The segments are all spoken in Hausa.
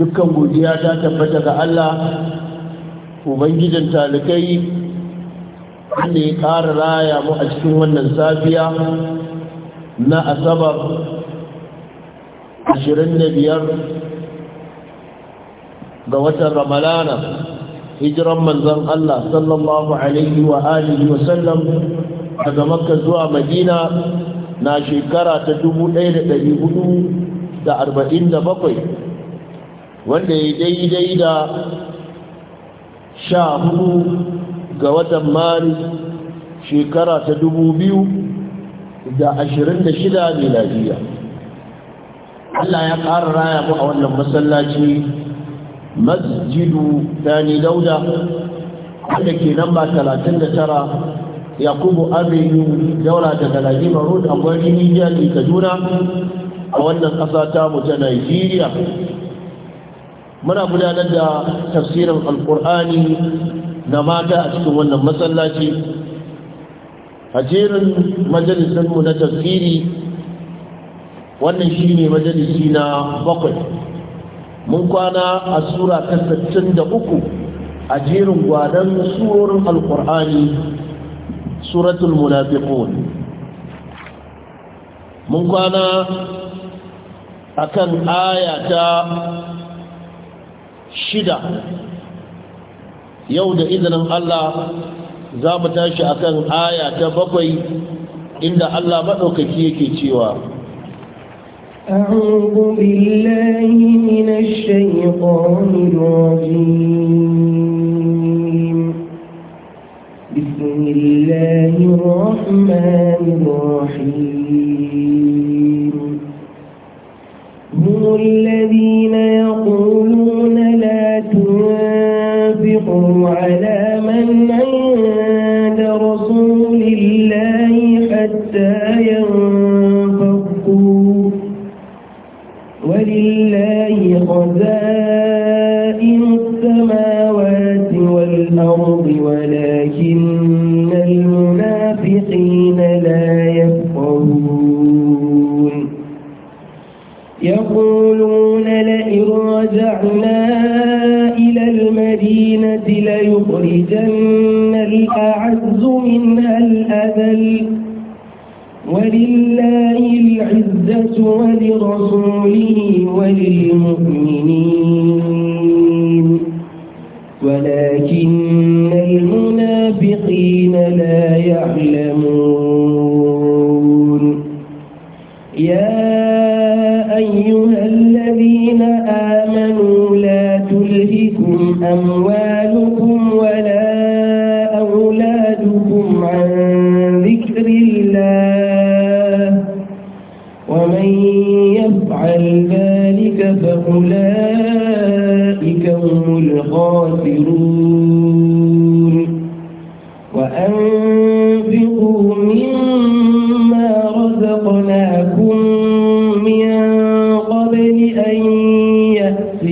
dukkan godiya ta tabbata ga Allah ubangijin talikai wanda ya ƙara raya mu a cikin wannan safiya na asabar 25 ga watan ramalana hijiran manzon Allah sallallahu alaihi wa alihi wa sallam daga makka zuwa madina na shekara ta 1447 wanda ya daidai da sha hudu ga watan mari shekara ta dubu biyu da ashirin da shida lafiya, Allah ya ƙara raya mu a wannan masallaci masjidu dani dauda wanda ke namba talatin da tara yakubu aminu daura da galagima road a gwani nijiya ke kaduna a wannan ƙasa ta nigeria muna gudanar da tafsirin alkur'ani na mata a cikin wannan masallaci a jerin majalisinmu na tafsiri wannan shi ne majalisi na bakwai mun kwana a sura ta uku a jerin gwanon surorin alkur'ani suratul munafiqun mun kwana akan aya ta shida yau da izinin Allah za mu tashi a kan aya ta bakwai inda Allah maɗaukaki yake cewa أعوذ بالله من الشيطان الرجيم بسم الله الرحمن الرحيم هو الله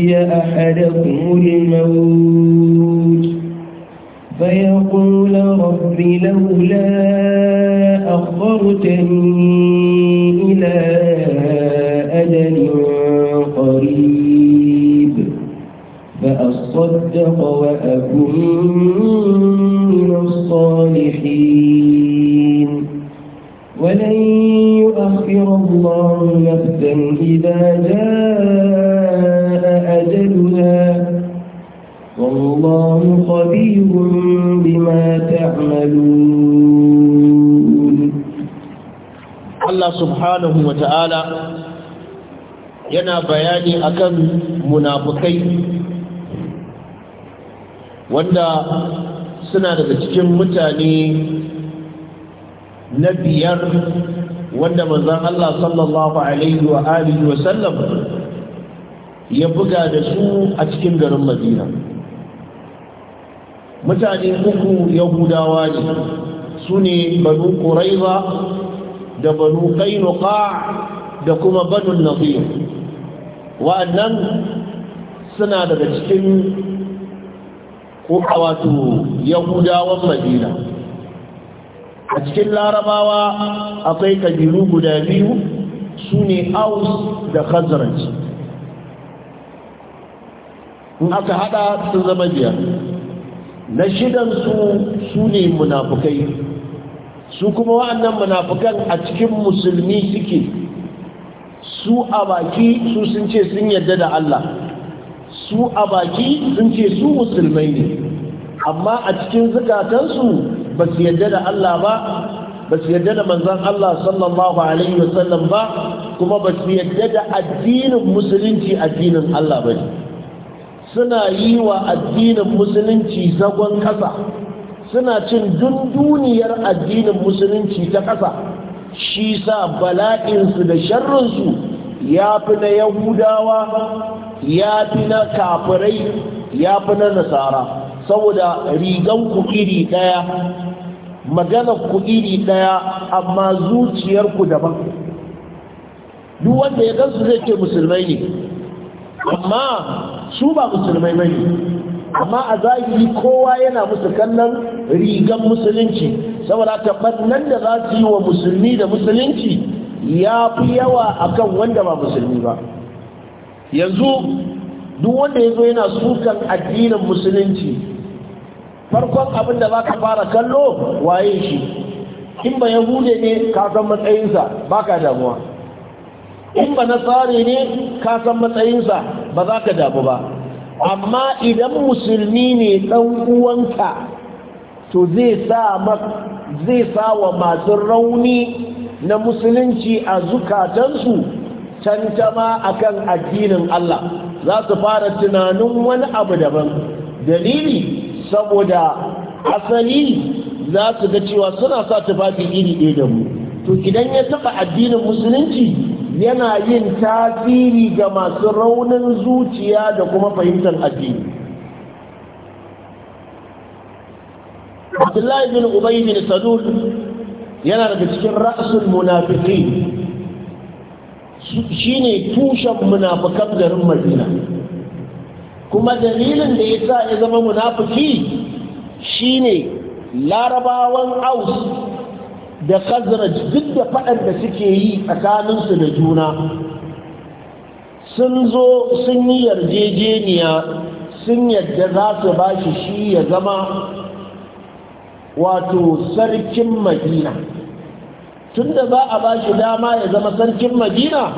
يأتي أحدكم الموت فيقول رب لولا أخرتني إلى أجل قريب فأصدق وأكون من الصالحين ولن يؤخر الله نفسا إذا جاء والله خبير بما تعملون الله سبحانه وتعالى yana bayani akan munafukai wanda suna daga cikin mutane na biyar wanda manzan Allah sallallahu alaihi wa alihi wa sallam ya buga da su a cikin garin Madina mutane uku yahudawa ne su ne banu ƙuraiba da banu da kuma banu nazir wa'annan suna daga cikin wato yahudawan madina a cikin larabawa akwai kabiru guda biyu su ne aus da khazarci in aka hada sun zama biyar na shidan su su ne munafukai su kuma wa'annan munafukan a cikin musulmi suke su a baki su sun ce sun yarda da Allah su a baki sun ce su musulmai ne amma a cikin zukatansu ba su yarda da Allah ba ba su yarda da manzan Allah sallallahu alaihi wasallam ba kuma ba su yarda da addinin musulunci addinin Allah ba ne suna yi wa addinin musulunci zagon ƙasa suna cin dunduniyar addinin musulunci ta ƙasa shi sa bala'insu da sharrinsu ya fi na yahudawa ya fi na kafirai ya fi na nasara saboda rigan ku iri ɗaya maganar ku iri ɗaya amma zuciyarku daban duk wanda ya gansu zai ce musulmai ne amma su ba musulmai bane amma a zahiri kowa yana musu kallon rigan musulunci saboda nan da za su yi wa musulmi da musulunci ya fi yawa akan wanda ba musulmi ba yanzu duk wanda ya zo yana sukan addinin musulunci farkon abin da za ka fara kallo waye shi in ba yahude ne kasan matsayinsa ba ka damuwa in ba na tsari ne ka san matsayinsa ba za ka damu ba amma idan musulmi ne ɗan uwanka to zai sa zai sa wa masu rauni na musulunci a zukatansu a kan addinin Allah za su fara tunanin wani abu daban dalili saboda asali za su ga cewa suna sa tufafi iri ɗaya da mu to idan ya taɓa addinin musulunci yana yin tasiri ga masu raunin zuciya da kuma fahimtar addini abdullahi bin ubay bin yana daga cikin ra'sul munafiki shine tushen munafikan garin madina kuma dalilin da ya sa ya zama munafiki shine larabawan aus da khazraj duk da faɗan da suke yi tsakaninsu da juna sun zo sun yi yarjejeniya sun yadda za su ba shi shi ya zama wato sarkin madina Tunda da za a ba shi dama ya zama sarkin madina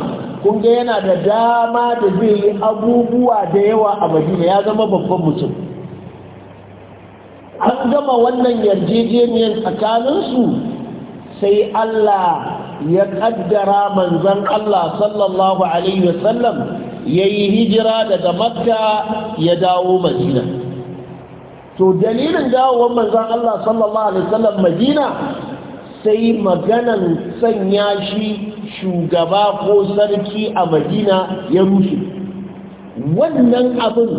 kunga yana da dama da zai yi abubuwa da yawa a madina ya zama babban mutum an gama wannan yarjejeniyar tsakaninsu sai Allah ya ƙaddara manzon Allah sallallahu alaihi wasallam yi hijira daga Makka ya dawo Madina to dalilin dawowar manzan Allah sallallahu alaihi wasallam Madina sai maganan sanya shi shugaba ko sarki a Madina ya rushe wannan abin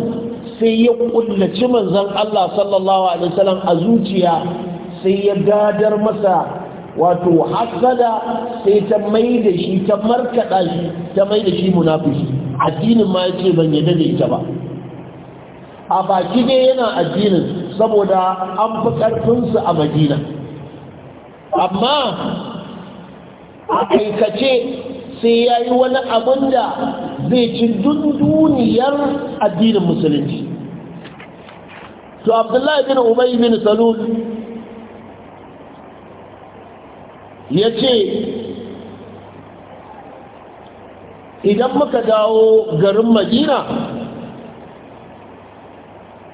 sai ya kullaci manzan Allah sallallahu alaihi wasallam a zuciya sai ya gadar masa wato hasada sai ta mai da shi ta markaɗa shi ta mai da shi munafiki addinin ma ya ce ban yadda da ita ba a baki ne yana addinin saboda an fi ƙarfinsu a madina amma a sai ya yi wani abin da zai ci dunduniyar addinin musulunci to abdullahi bin ubai bin salul ya ce idan muka dawo garin madina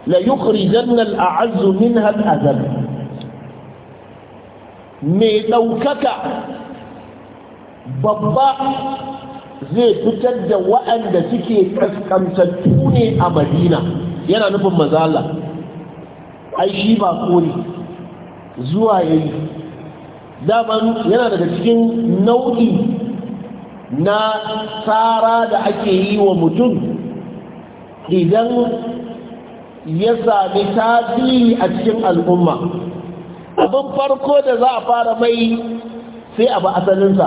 la nan a minha al'azab mai ɗaukaka babba zai fitar da waɗanda suke ƙasƙantattu ne a madina yana nufin mazala ai shi ba ne zuwa yayi daman yana daga cikin nau'i na tsara da ake yi wa mutum idan ya sami tasiri a cikin al'umma abin farko da za a fara mai sai a ba asalinsa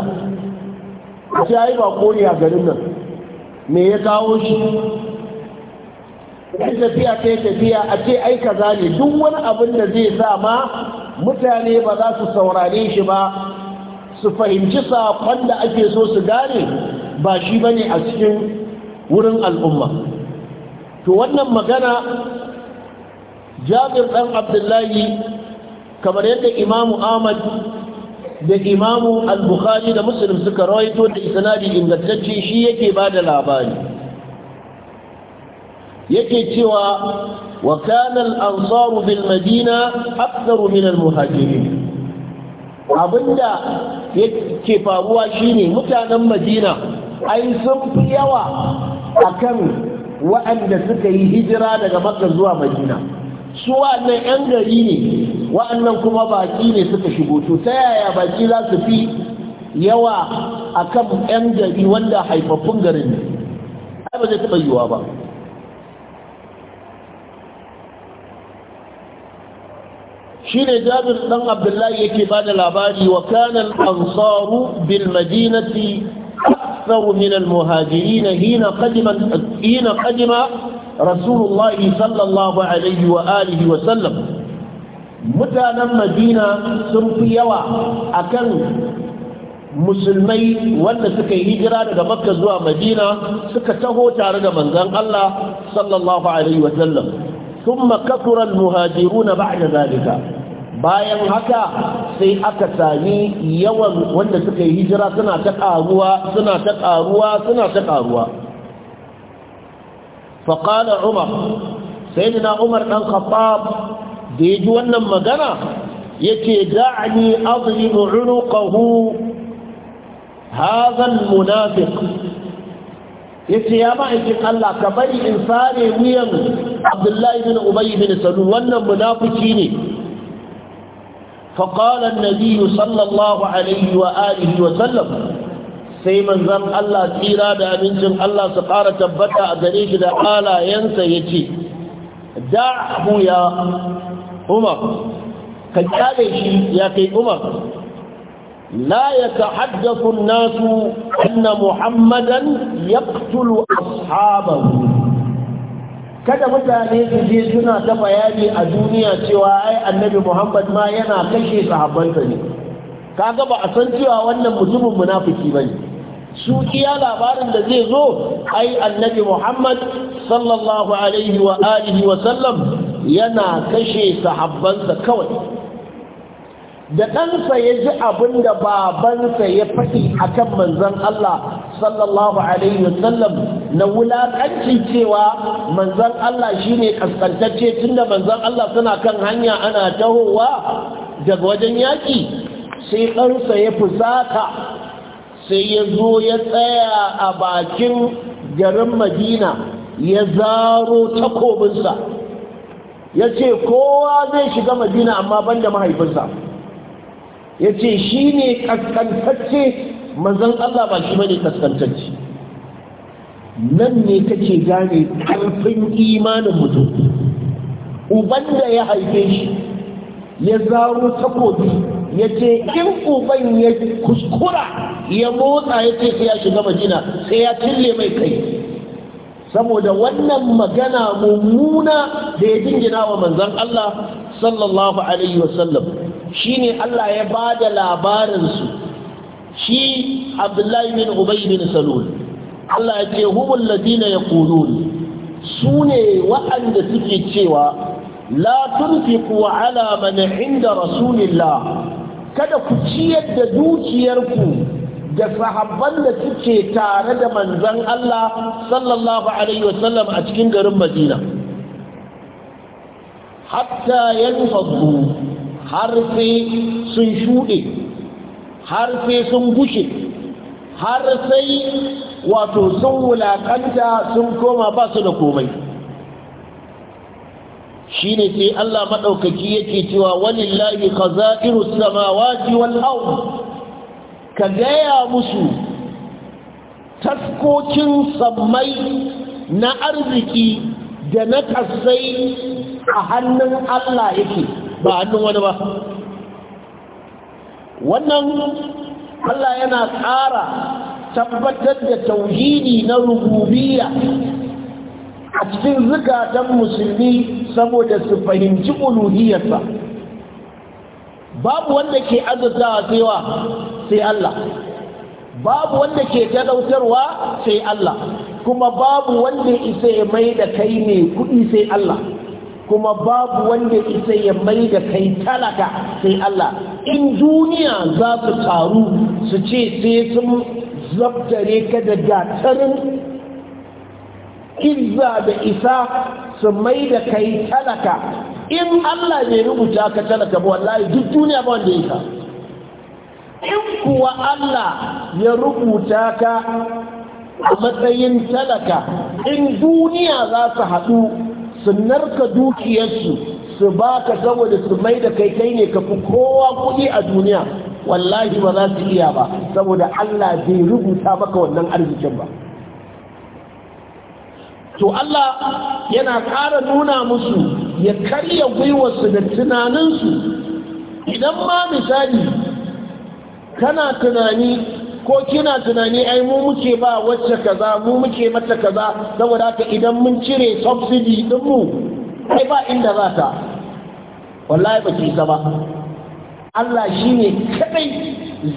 a ya yi bako ne a garin nan me ya kawo shi ya tafiya ta tafiya a ce aika zane duk wani abin da zai sa ma mutane ba za su saurare shi ba su fahimci saƙon da ake so su gane ba shi ba ne a cikin wurin al'umma to wannan magana jabir ɗan abdullahi kamar yadda imamu ahmad da imamu al-bukhari da muslim suka rawaito da Isanadi, ingantacce shi yake ba da labari yake cewa وكان الأنصار بالمدينة أكثر من المهاجرين abinda yake faruwa shine mutanen madina ai sun fi yawa akan waɗanda suka yi hijira daga makka zuwa madina su waɗannan 'yan gari ne waɗannan kuma baƙi ne suka shigo to ta yaya baƙi za su fi yawa akan 'yan gari wanda haifaffun garin ne ai ba zai taɓa yiwuwa ba shine jabir dan abdullahi yake bada labari wa kana ansaru bil madinati akthar min al-muhajirin hina qadima hina sallallahu alaihi wa wa sallam mutanen madina sun fi yawa akan musulmai wanda suka yi hijira daga makka zuwa madina suka taho tare da manzon Allah sallallahu alaihi wasallam thumma kathura almuhajirun ba'da zalika bayan haka sai aka sami yawan wanda suka yi hijira suna ta ƙaruwa suna ta ƙaruwa suna ta ƙaruwa umar sai na umar ɗan khattab da ya ji wannan magana ya ce da'ani azlimu unuqahu hazan munafiq ya ce ya ma'aikin Allah ka bari in sare wuyan abdullahi bin ubayi bin sanu wannan munafiki ne فقال النبي صلى الله عليه وآله وسلم sai manzan Allah tsira da abincin Allah su ƙara tabbata a gare shi da halayensa ya ce da'ahu ya umar ka kyale shi ya kai umar la ya ta haddafin nasu anna muhammadan ya ƙtulu kada mutane su je suna ta bayani a duniya cewa ai annabi muhammad ma yana kashe sahabbansa ne kaga ba a san cewa wannan mutumin munafiki ba ne su iya labarin da zai zo ai annabi muhammad sallallahu alaihi wa alihi wa sallam yana kashe sahabbansa kawai da ɗansa ya ji abin da babansa ya faɗi a kan manzan Allah sallallahu alaihi wasallam na wulaƙanci cewa manzan Allah shi ne ƙasƙantacce tun da manzan Allah suna kan hanya ana tahowa daga wajen yaƙi sai ɗansa ya fusata sai ya zo ya tsaya a bakin garin madina ya zaro takobinsa ya ce kowa zai shiga madina amma banda mahaifinsa ya ce shi ne kaskantacce manzan Allah ba shi bane kaskantacce nan ne kake gane ƙarfin imanin mutum uban da ya haife shi ya zaro takobi ya ce in uban ya kuskura ya motsa ya ce sai ya shiga majina sai ya cille mai kai saboda wannan magana mummuna da ya jingina wa manzan Allah sallallahu alaihi wasallam shine Allah ya ba da labarinsu shi abdullahi bin ubay bin salul Allah ya ce humul ladina yaqulun Sune waɗanda suke cewa la tunfiqu ala man inda rasulillah kada ku ciyar da dukiyarku da sahabban da suke tare da manzon Allah sallallahu alaihi wasallam a cikin garin Madina hatta yanfadu har sai sun shuɗe har sai sun bushe har sai wato sun wulaƙanta sun koma ba su da komai shi ne sai Allah maɗaukaki yake cewa walillahi khaza'iru samawati wal ard ka gaya musu taskokin sammai na arziki da na kasai a hannun Allah yake ba hannun wani ba wannan Allah yana ƙara tabbatar da tauhidi na rububiyya a cikin zukatan musulmi saboda su fahimci uluhiyarsa babu wanda ke azurtawa saiwa sai Allah babu wanda ke talautarwa sai Allah kuma babu wanda isa ya mai da kai ne kudi sai Allah kuma babu wanda isa ya mai da kai talaka sai Allah in duniya za su taru su ce sai sun zabtare ka da gatarin izza da isa su mai da kai talaka in Allah bai rubuta ka talaka ba wallahi duk duniya ba wanda isa in kuwa Allah ya rubuta ka a matsayin talaka in duniya za su haɗu su narka dukiyarsu su baka saboda su mai da kai kai ne kafi kowa kuɗi a duniya wallahi ba za su iya ba saboda Allah bai rubuta maka wannan arzikin ba to Allah yana ƙara nuna musu ya karya gwiwarsu da tunaninsu idan ma misali kana tunani ko kina tunani ai mu muke ba wacce kaza mu muke mata kaza saboda haka idan mun cire subsidy din mu ai ba inda za ta wallahi ba ki ba Allah shine kadai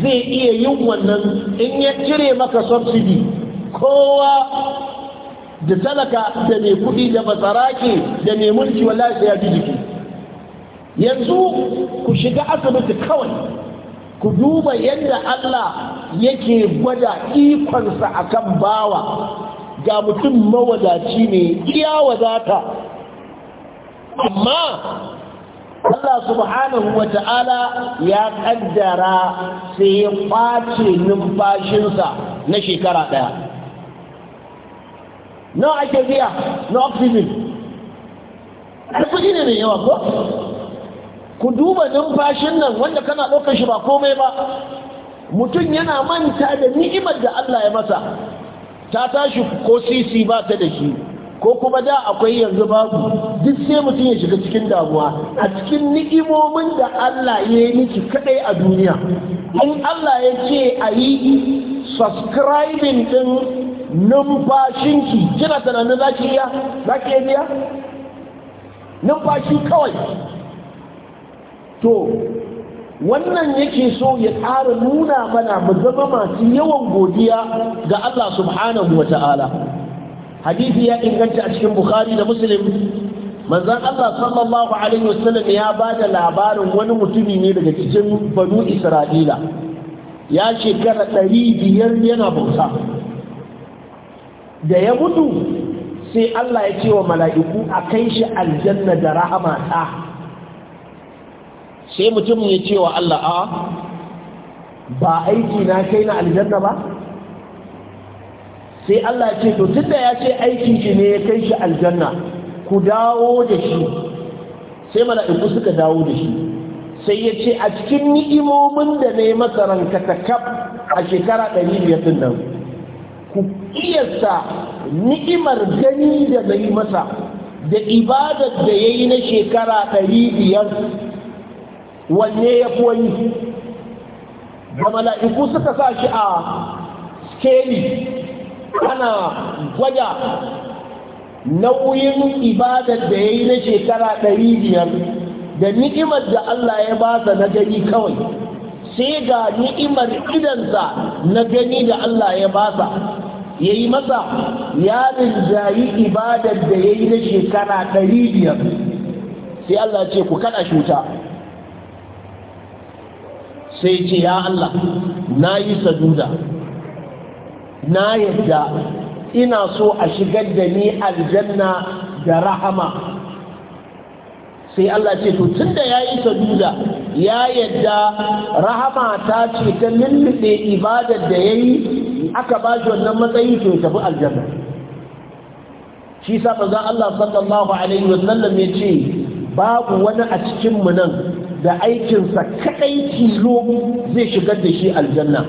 zai iya yin wannan in ya cire maka subsidy kowa da talaka da mai kudi da basarake da mai mulki wallahi sai ya ji jiki yanzu ku shiga asibiti kawai ku duba yadda Allah yake gwada ikonsa akan bawa ga mutum mawadaci ne iya wadata amma Allah subhanahu wa ta'ala ya kaddara sai ya ƙwace numfashinsa na shekara ɗaya na ake biya na oxygen ƙarfi ne mai yawa ko ku duba numfashin nan wanda kana ɗaukar shi ba komai ba mutum yana manta da ni'imar da Allah ya masa ta tashi ko sisi ba ta da shi ko kuma da akwai yanzu babu duk sai mutum ya shiga cikin damuwa a cikin ni'imomin da Allah ya yi miki kadai a duniya in Allah ya ce a yi subscribing din numfashinki kina tunanin za ki iya za ki iya numfashi kawai to wannan yake so ya ƙara nuna mana mu zama masu yawan godiya ga Allah subhanahu wa ta'ala hadisi ya inganta a cikin bukhari da muslim manzon Allah sallallahu alaihi wasallam ya ba da labarin wani mutumi ne daga cikin banu isra'ila ya shekara ɗari biyar yana bauta da ya mutu sai Allah ya ce wa mala'iku a kai shi aljanna da rahama ta sai mutumin ya ce wa Allah a ba aiki na kai na aljanna ba sai Allah ce to tunda ya ce aikin ki ne ya kai shi aljanna ku dawo da shi sai mala'iku suka dawo da shi sai ya ce a cikin ni'imomin da na yi masa ranka ta kaf a shekara ɗari biyar din nan ku kiyasta ni'imar gani da na yi masa da ibadar da ya yi na shekara ɗari biyar wanne ya fi wani ga mala'iku suka sa shi a skeli ana gwada nauyin ibadar da ya yi na shekara ɗari biyar da ni'imar da Allah ya ba sa na gani kawai sai ga ni'imar idansa na gani da Allah ya ba sa ya yi masa ya rinjayi ibadar da ya yi na shekara ɗari biyar sai Allah ce ku kaɗa shuta sai ce ya Allah na yi saduda na yadda ina so a shigar da ni aljanna da rahama sai Allah ce to tun da ya yi saduda ya yadda rahama ta ce ta lullube ibadar da ya yi aka ba shi wannan matsayi to tafi aljanna shi sa ba manzon Allah sallallahu alaihi wasallam ya ce babu wani a cikin mu nan da aikinsa kadai tilo zai shigar da shi aljanna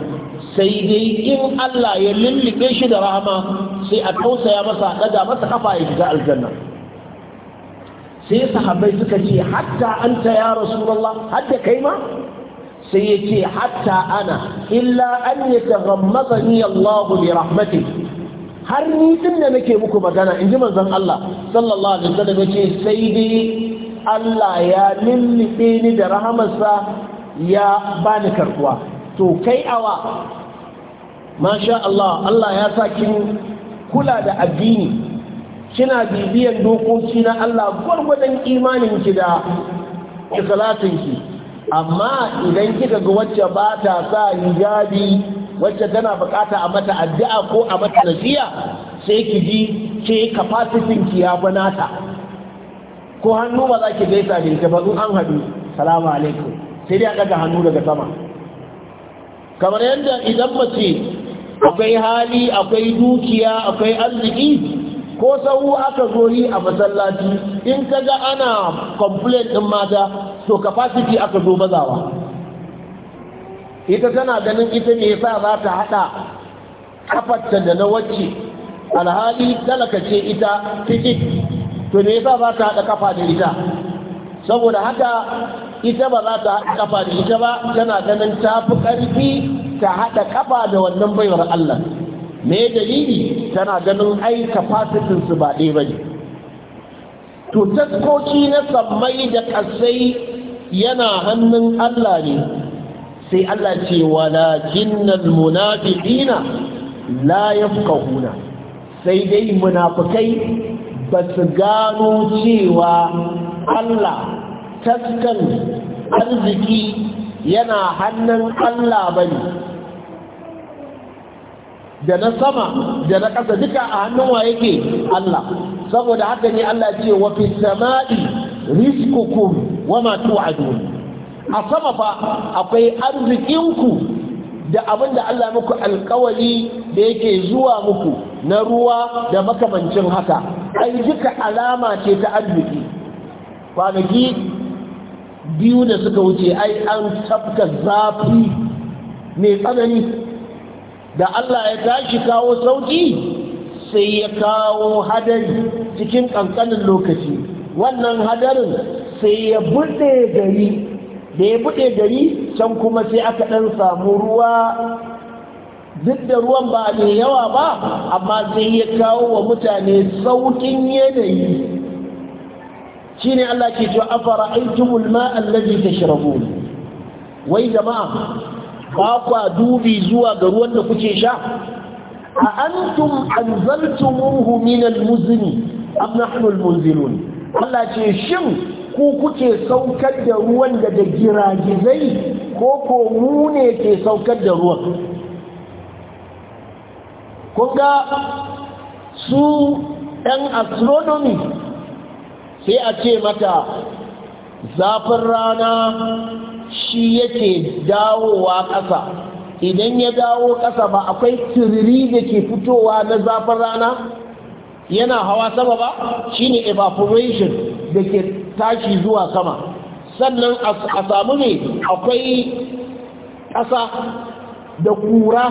sai dai in Allah ya lullube shi da rahama sai a tausaya masa daga masa kafa ya shiga aljanna sai sahabbai suka ce hatta anta ya rasulullah hatta kai ma sai ya ce hatta ana illa an yataghammadani Allah bi rahmati. har ni din da nake muku magana in ji manzon Allah sallallahu alaihi wasallam yace sai dai Allah ya lullube ni da rahamarsa ya bani karkuwa to kai awa masha Allah Allah ya sa kin kula da addini kina bibiyan dokoki na Allah imanin ki da ki amma idan kika ga wacce ba ta sa hijabi wacce tana bukata a mata addu'a ko a mata nasiya sai ki ji ce capacity ki ya banata ko hannu ba za ki gaisa da ita ba in an haɗu salamu alaikum sai dai a ɗaga hannu daga sama kamar yadda idan mace akwai hali akwai dukiya akwai arziki ko sau aka zo yi a masallaci in ka ga ana complain ɗin mata to capacity aka zo bazawa ita tana ganin ita ne yasa za ta haɗa kafarta da na wacce alhali talaka ce ita tikit to me yasa za ta haɗa kafa da ita saboda haka ita ba za ta haɗa kafa da ita ba tana ganin ta fi ƙarfi ta haɗa kafa da wannan baiwar Allah me dalili tana ganin ai capacity su ba ɗaya bane to taskoci na sammai da ƙasai yana hannun Allah ne sai Allah ce wala jinnal munafiqina la yafqahuna sai dai munafikai ba su gano cewa Allah taskan arziki yana hannun Allah ba ne da na sama da na ƙasa duka a hannun wa yake Allah saboda haka ne Allah ce wa fi sama'i rizqukum wa ma tu'adun a sama fa akwai arzikinku da abinda Allah muku alkawari da yake zuwa muku na ruwa da makamancin haka ai duka alama ce ta arziki kwanaki biyu da suka wuce ai an tafka zafi mai tsanani da Allah ya tashi kawo sauki sai ya kawo hadari cikin kankanin lokaci wannan hadarin sai ya buɗe gari da ya buɗe gari can kuma sai aka ɗan samu ruwa duk da ruwan ba mai yawa ba amma sai ya kawo wa mutane saukin yanayi shine Allah ke cewa afara aitumul ma'a ta tashrabun wai jama'a ba kwa dubi zuwa ga ruwan da kuke sha a antum anzaltumuhu min almuzni am nahnu almunzilun Allah ce shin ku kuke saukar da ruwan daga giragizai ko ko mu ne ke saukar da ruwan kuka su ɗan astronomy sai a ce mata zafin rana shi yake dawowa ƙasa idan ya dawo ƙasa ba akwai tiriri da ke fitowa na zafin rana yana hawa sama ba Shi ne evaporation da ke tashi zuwa sama sannan a samu ne akwai ƙasa da kura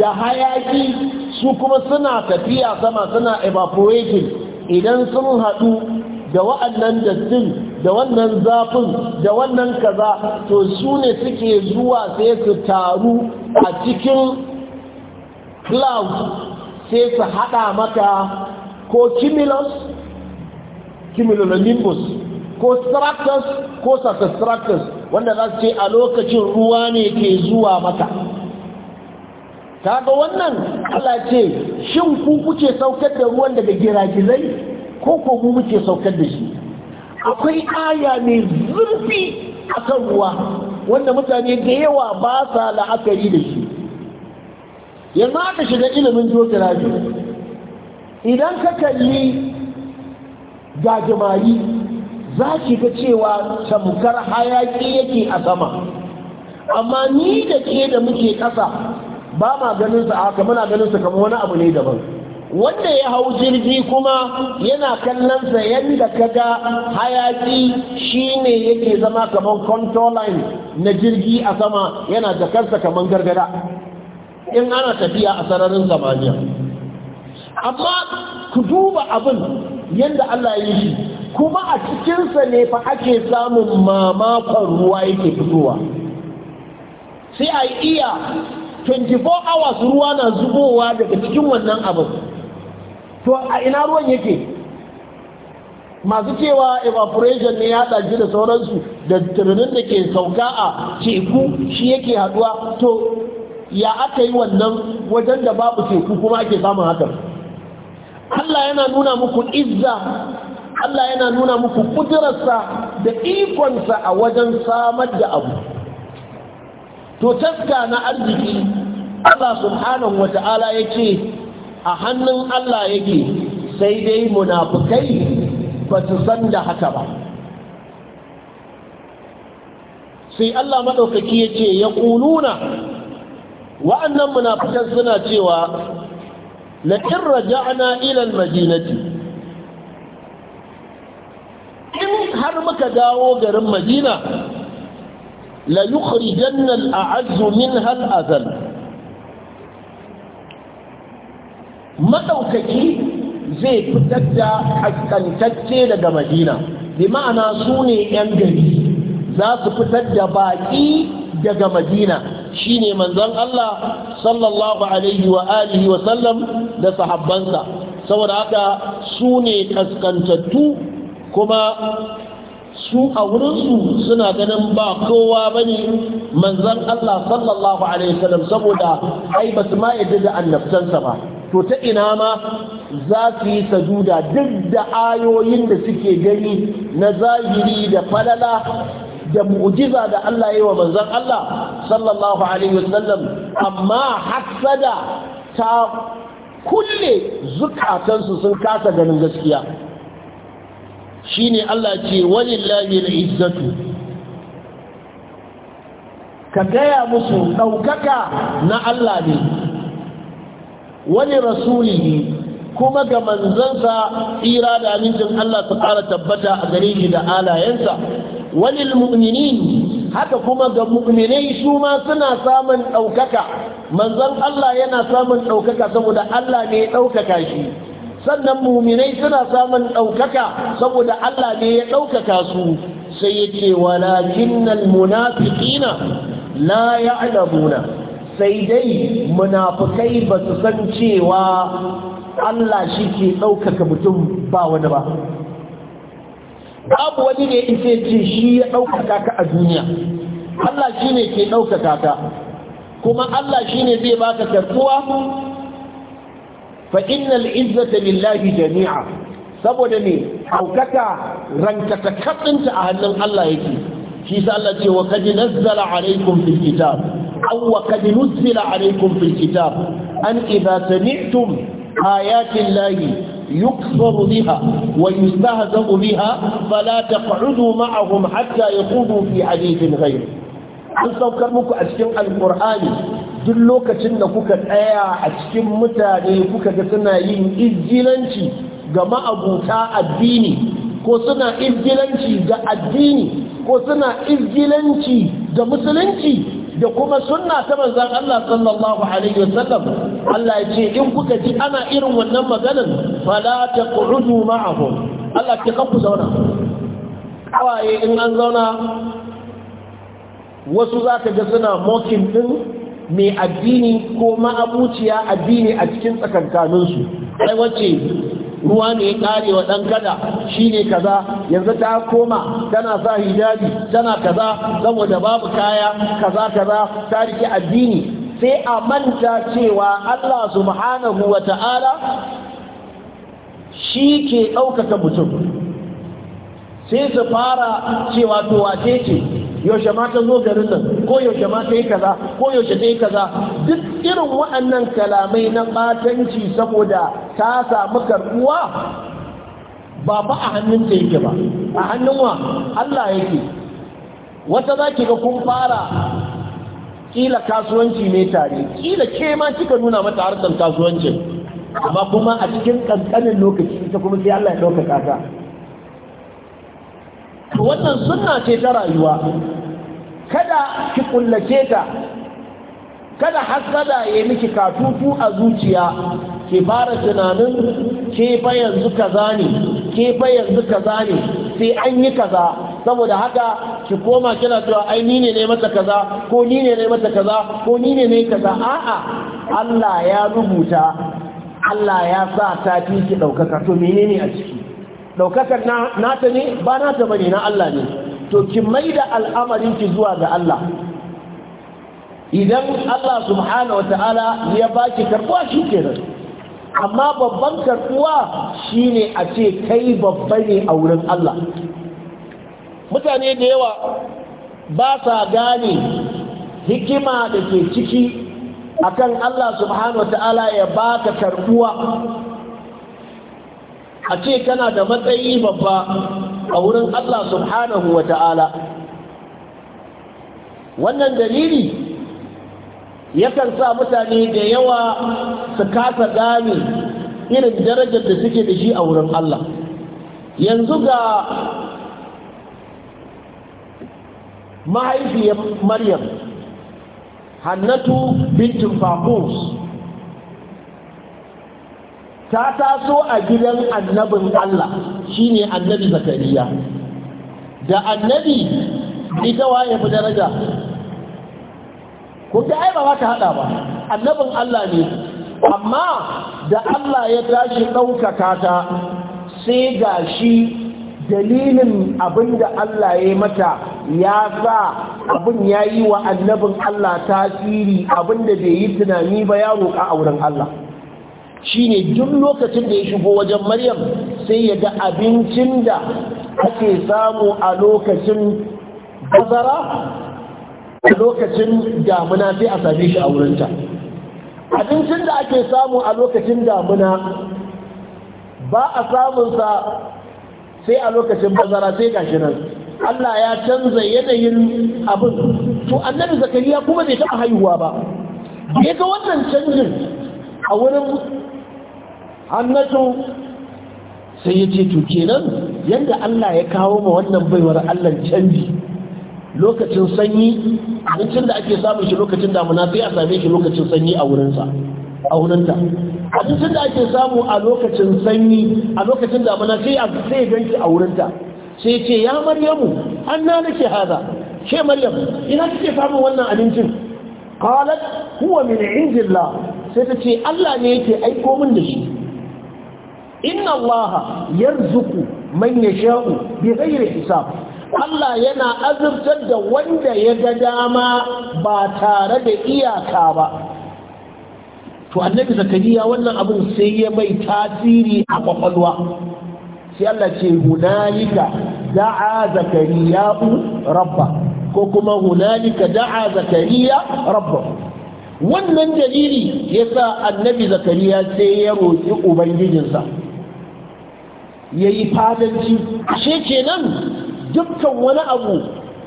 da hayaki su kuma suna tafiya sama suna evaporating idan sun haɗu da wa'annan dattin da wannan zafin da wannan kaza to su ne suke zuwa sai su taru a cikin cloud sai su haɗa maka ko cumulus cumulonimbus ko stratus ko sasastratus wanda za su ce a lokacin ruwa ne ke zuwa maka kaga wannan Allah ce shin ku kuke saukar da ruwan daga giragizai ko ko mu muke saukar da shi akwai aya mai zurfi akan ruwa wanda mutane da yawa ba sa la'akari da shi Yana aka shiga ilimin geography idan ka kalli gajimari za ki ga cewa tamkar hayaki yake a sama amma ni da ke da muke ƙasa ba ma ganin sa haka muna ganin sa kamar wani abu ne daban wanda ya hau jirgi kuma yana kallon sa yadda kaga hayaki shine yake zama kamar control line na jirgi a sama yana jakarsa kamar gargada in ana tafiya a sararin zamaniya amma ku duba abin yadda Allah ya yi shi kuma a cikinsa ne fa ake samun mamakon ruwa yake fitowa sai a iya 24 hours ruwa na zubowa daga cikin wannan abin to a ina ruwan yake masu cewa evaporation ne ya ɗaji da sauransu da turunin da ke sauka a teku shi yake haɗuwa to ya aka yi wannan wajen da babu teku kuma ake samun hakan Allah yana nuna muku izza Allah yana nuna muku kudurarsa da ikonsa a wajen samar da abu to taska na arziki Allah subhanahu wata'ala yake a hannun Allah yake sai dai munafukai ba su san da haka ba sai Allah maɗaukaki yake ya ƙununa wa'annan munafukan suna cewa raja'na ila al madinati in har muka dawo garin madina la jannan a aazz minha har azal maɗaukaki zai fitar da kaskantacce daga madina bi ma'ana su ne 'yan gari za su fitar da baƙi daga madina shine manzon Allah sallallahu alaihi wa alihi wa sallam da sahabbansa saboda haka su ne kaskantattu kuma su a wurinsu suna ganin ba kowa ba ne manzan Allah sallallahu Alaihi wasallam saboda ai ba su ma yadda da annabtansa ba to ta ina ma za su yi sajuda duk da ayoyin da suke gani na zahiri da falala da mu'jiza da Allah yi wa manzan Allah sallallahu Alaihi wasallam amma hassada ta kulle zukatansu sun kasa ganin gaskiya ne Allah ce walillahi na izzatu ka gaya musu ɗaukaka na Allah ne wani ne kuma ga manzansa tsira da amincin Allah su ƙara tabbata a gare shi da alayensa wani mu'minin haka kuma ga mu'minai su ma suna samun ɗaukaka manzan Allah yana samun ɗaukaka saboda Allah ne ɗaukaka shi sannan muminai suna samun ɗaukaka saboda Allah ne ya ɗaukaka su sai ya ce walakinnal munafiqina la ya'lamuna sai dai munafikai ba su san cewa Allah shi ke ɗaukaka mutum ba wani ba babu wani ne ita ce shi ya ɗaukaka ka a duniya Allah shi ne ke ɗaukaka ka kuma Allah shi ne zai baka karkuwa fa innal izzata lillahi jami'a saboda ne haukaka rankata katsinta a hannun Allah yake shi sa Allah ce wa kad nazzala alaikum fil kitab aw wa kaji nuzila alaikum fil kitab an idza sami'tum ayati llahi yukfaru biha wa yustahza'u biha fala taq'udu ma'ahum hatta yaqudu fi hadithin ghayr an saukar muku a cikin alkur'ani duk lokacin da kuka tsaya a cikin mutane kuka ga suna yin izgilanci ga ma'abuta addini ko suna izgilanci ga addini ko suna izgilanci ga musulunci da kuma sunna ta manzan Allah sallallahu alaihi wasallam Allah ya ce in kuka ji ana irin wannan maganar fala taqudu ma'ahum Allah ke kanku zauna kawaye in an zauna wasu za ka ga suna mokin ɗin mai addini ko ma'abuciya addini a cikin tsakankaninsu ai wacce ruwa ne ya wa ɗan kada shi ne kaza yanzu ta koma tana sa hijabi tana kaza saboda babu kaya kaza kaza ta rike addini sai a manta cewa Allah subhanahu wa ta'ala shi ke ɗaukaka mutum sai su fara cewa to wace ce yaushe ma ta zo garin nan ko yaushe ma ta yi kaza ko yaushe ta yi kaza duk irin waɗannan kalamai na batanci saboda ta samu karbuwa ba fa a hannun ta yake ba a hannun wa Allah yake wata za ki ga kun fara kila kasuwanci ne tare kila ke ma kika nuna mata harkar kasuwancin amma kuma a cikin kankanin lokaci ita kuma sai Allah ya ɗauka kasa. wannan sunna ce ta rayuwa kada ki kullace ta kada hasada ya miki katutu a zuciya ke fara tunanin ke fa yanzu kaza ne ke fa yanzu kaza ne sai an yi kaza saboda haka ki koma kina cewa ai ni ne ne mata kaza ko ni ne ne mata kaza ko ni ne ne kaza a'a Allah ya rubuta Allah ya sa ta ki ɗaukaka to menene a ciki ɗaukakar na ta ne ba nata bane na Allah ne to ki mai da al'amarin ki zuwa ga Allah idan Allah subhanahu wata'ala ya baki karbuwa shi kenan amma babban karbuwa shine a ce kai babba ne a wurin Allah mutane da yawa ba sa gane hikima da ke ciki akan Allah subhanahu wata'ala ya baka karbuwa a ce kana da matsayi babba a wurin Allah subhanahu wa ta'ala wannan dalili yakan sa mutane da yawa su kasa gane irin darajar da suke da shi a wurin Allah yanzu ga mahaifiyar maryam hannatu bintin fakus ta taso a gidan annabin Allah shi ne annabi zakariya da annabi ita waye fi daraja ko ta aiba ba ta haɗa ba annabin Allah ne amma da Allah ya tashi ɗaukaka ta sai ga shi dalilin abinda Allah ya mata ya sa abin ya yi wa annabin Allah tasiri abin da bai yi tunani ba ya roƙa a wurin Allah Shi ne duk lokacin da ya shigo wajen maryam sai ya ga abincin da ake samu a lokacin bazara a lokacin damuna sai a same shi a wurinta abincin da ake samu a lokacin damuna ba a samunsa sai a lokacin bazara sai gashi nan Allah ya canza yanayin abin to annabi zakariya kuma bai taɓa haihuwa ba ya ga wannan canjin a wurin hannatu sai ya ce to kenan yadda Allah ya kawo ma wannan baiwar Allah canji lokacin sanyi abincin da ake samun shi lokacin damuna sai a same shi lokacin sanyi a wurinsa a wurinta abincin da ake samu a lokacin sanyi a lokacin damuna sai a sai ganki a wurinta sai ya ce ya maryamu anna nake haza ke maryam ina kike samun wannan abincin qalat huwa min indillah sai ta ce Allah ne yake aiko min da shi inna Allah yarzuku man yasha'u bi ghairi hisab Allah yana azurtar da wanda ya ga dama ba tare da iyaka ba to annabi zakariya wannan abin sai ya mai tasiri a kwakwalwa sai Allah ce hunalika da'a zakariya rabba ko kuma hunalika da'a zakariya rabba wannan dalili ya sa annabi zakariya sai ya roƙi ubangijinsa ya yi fadanci ashe nan dukkan wani abu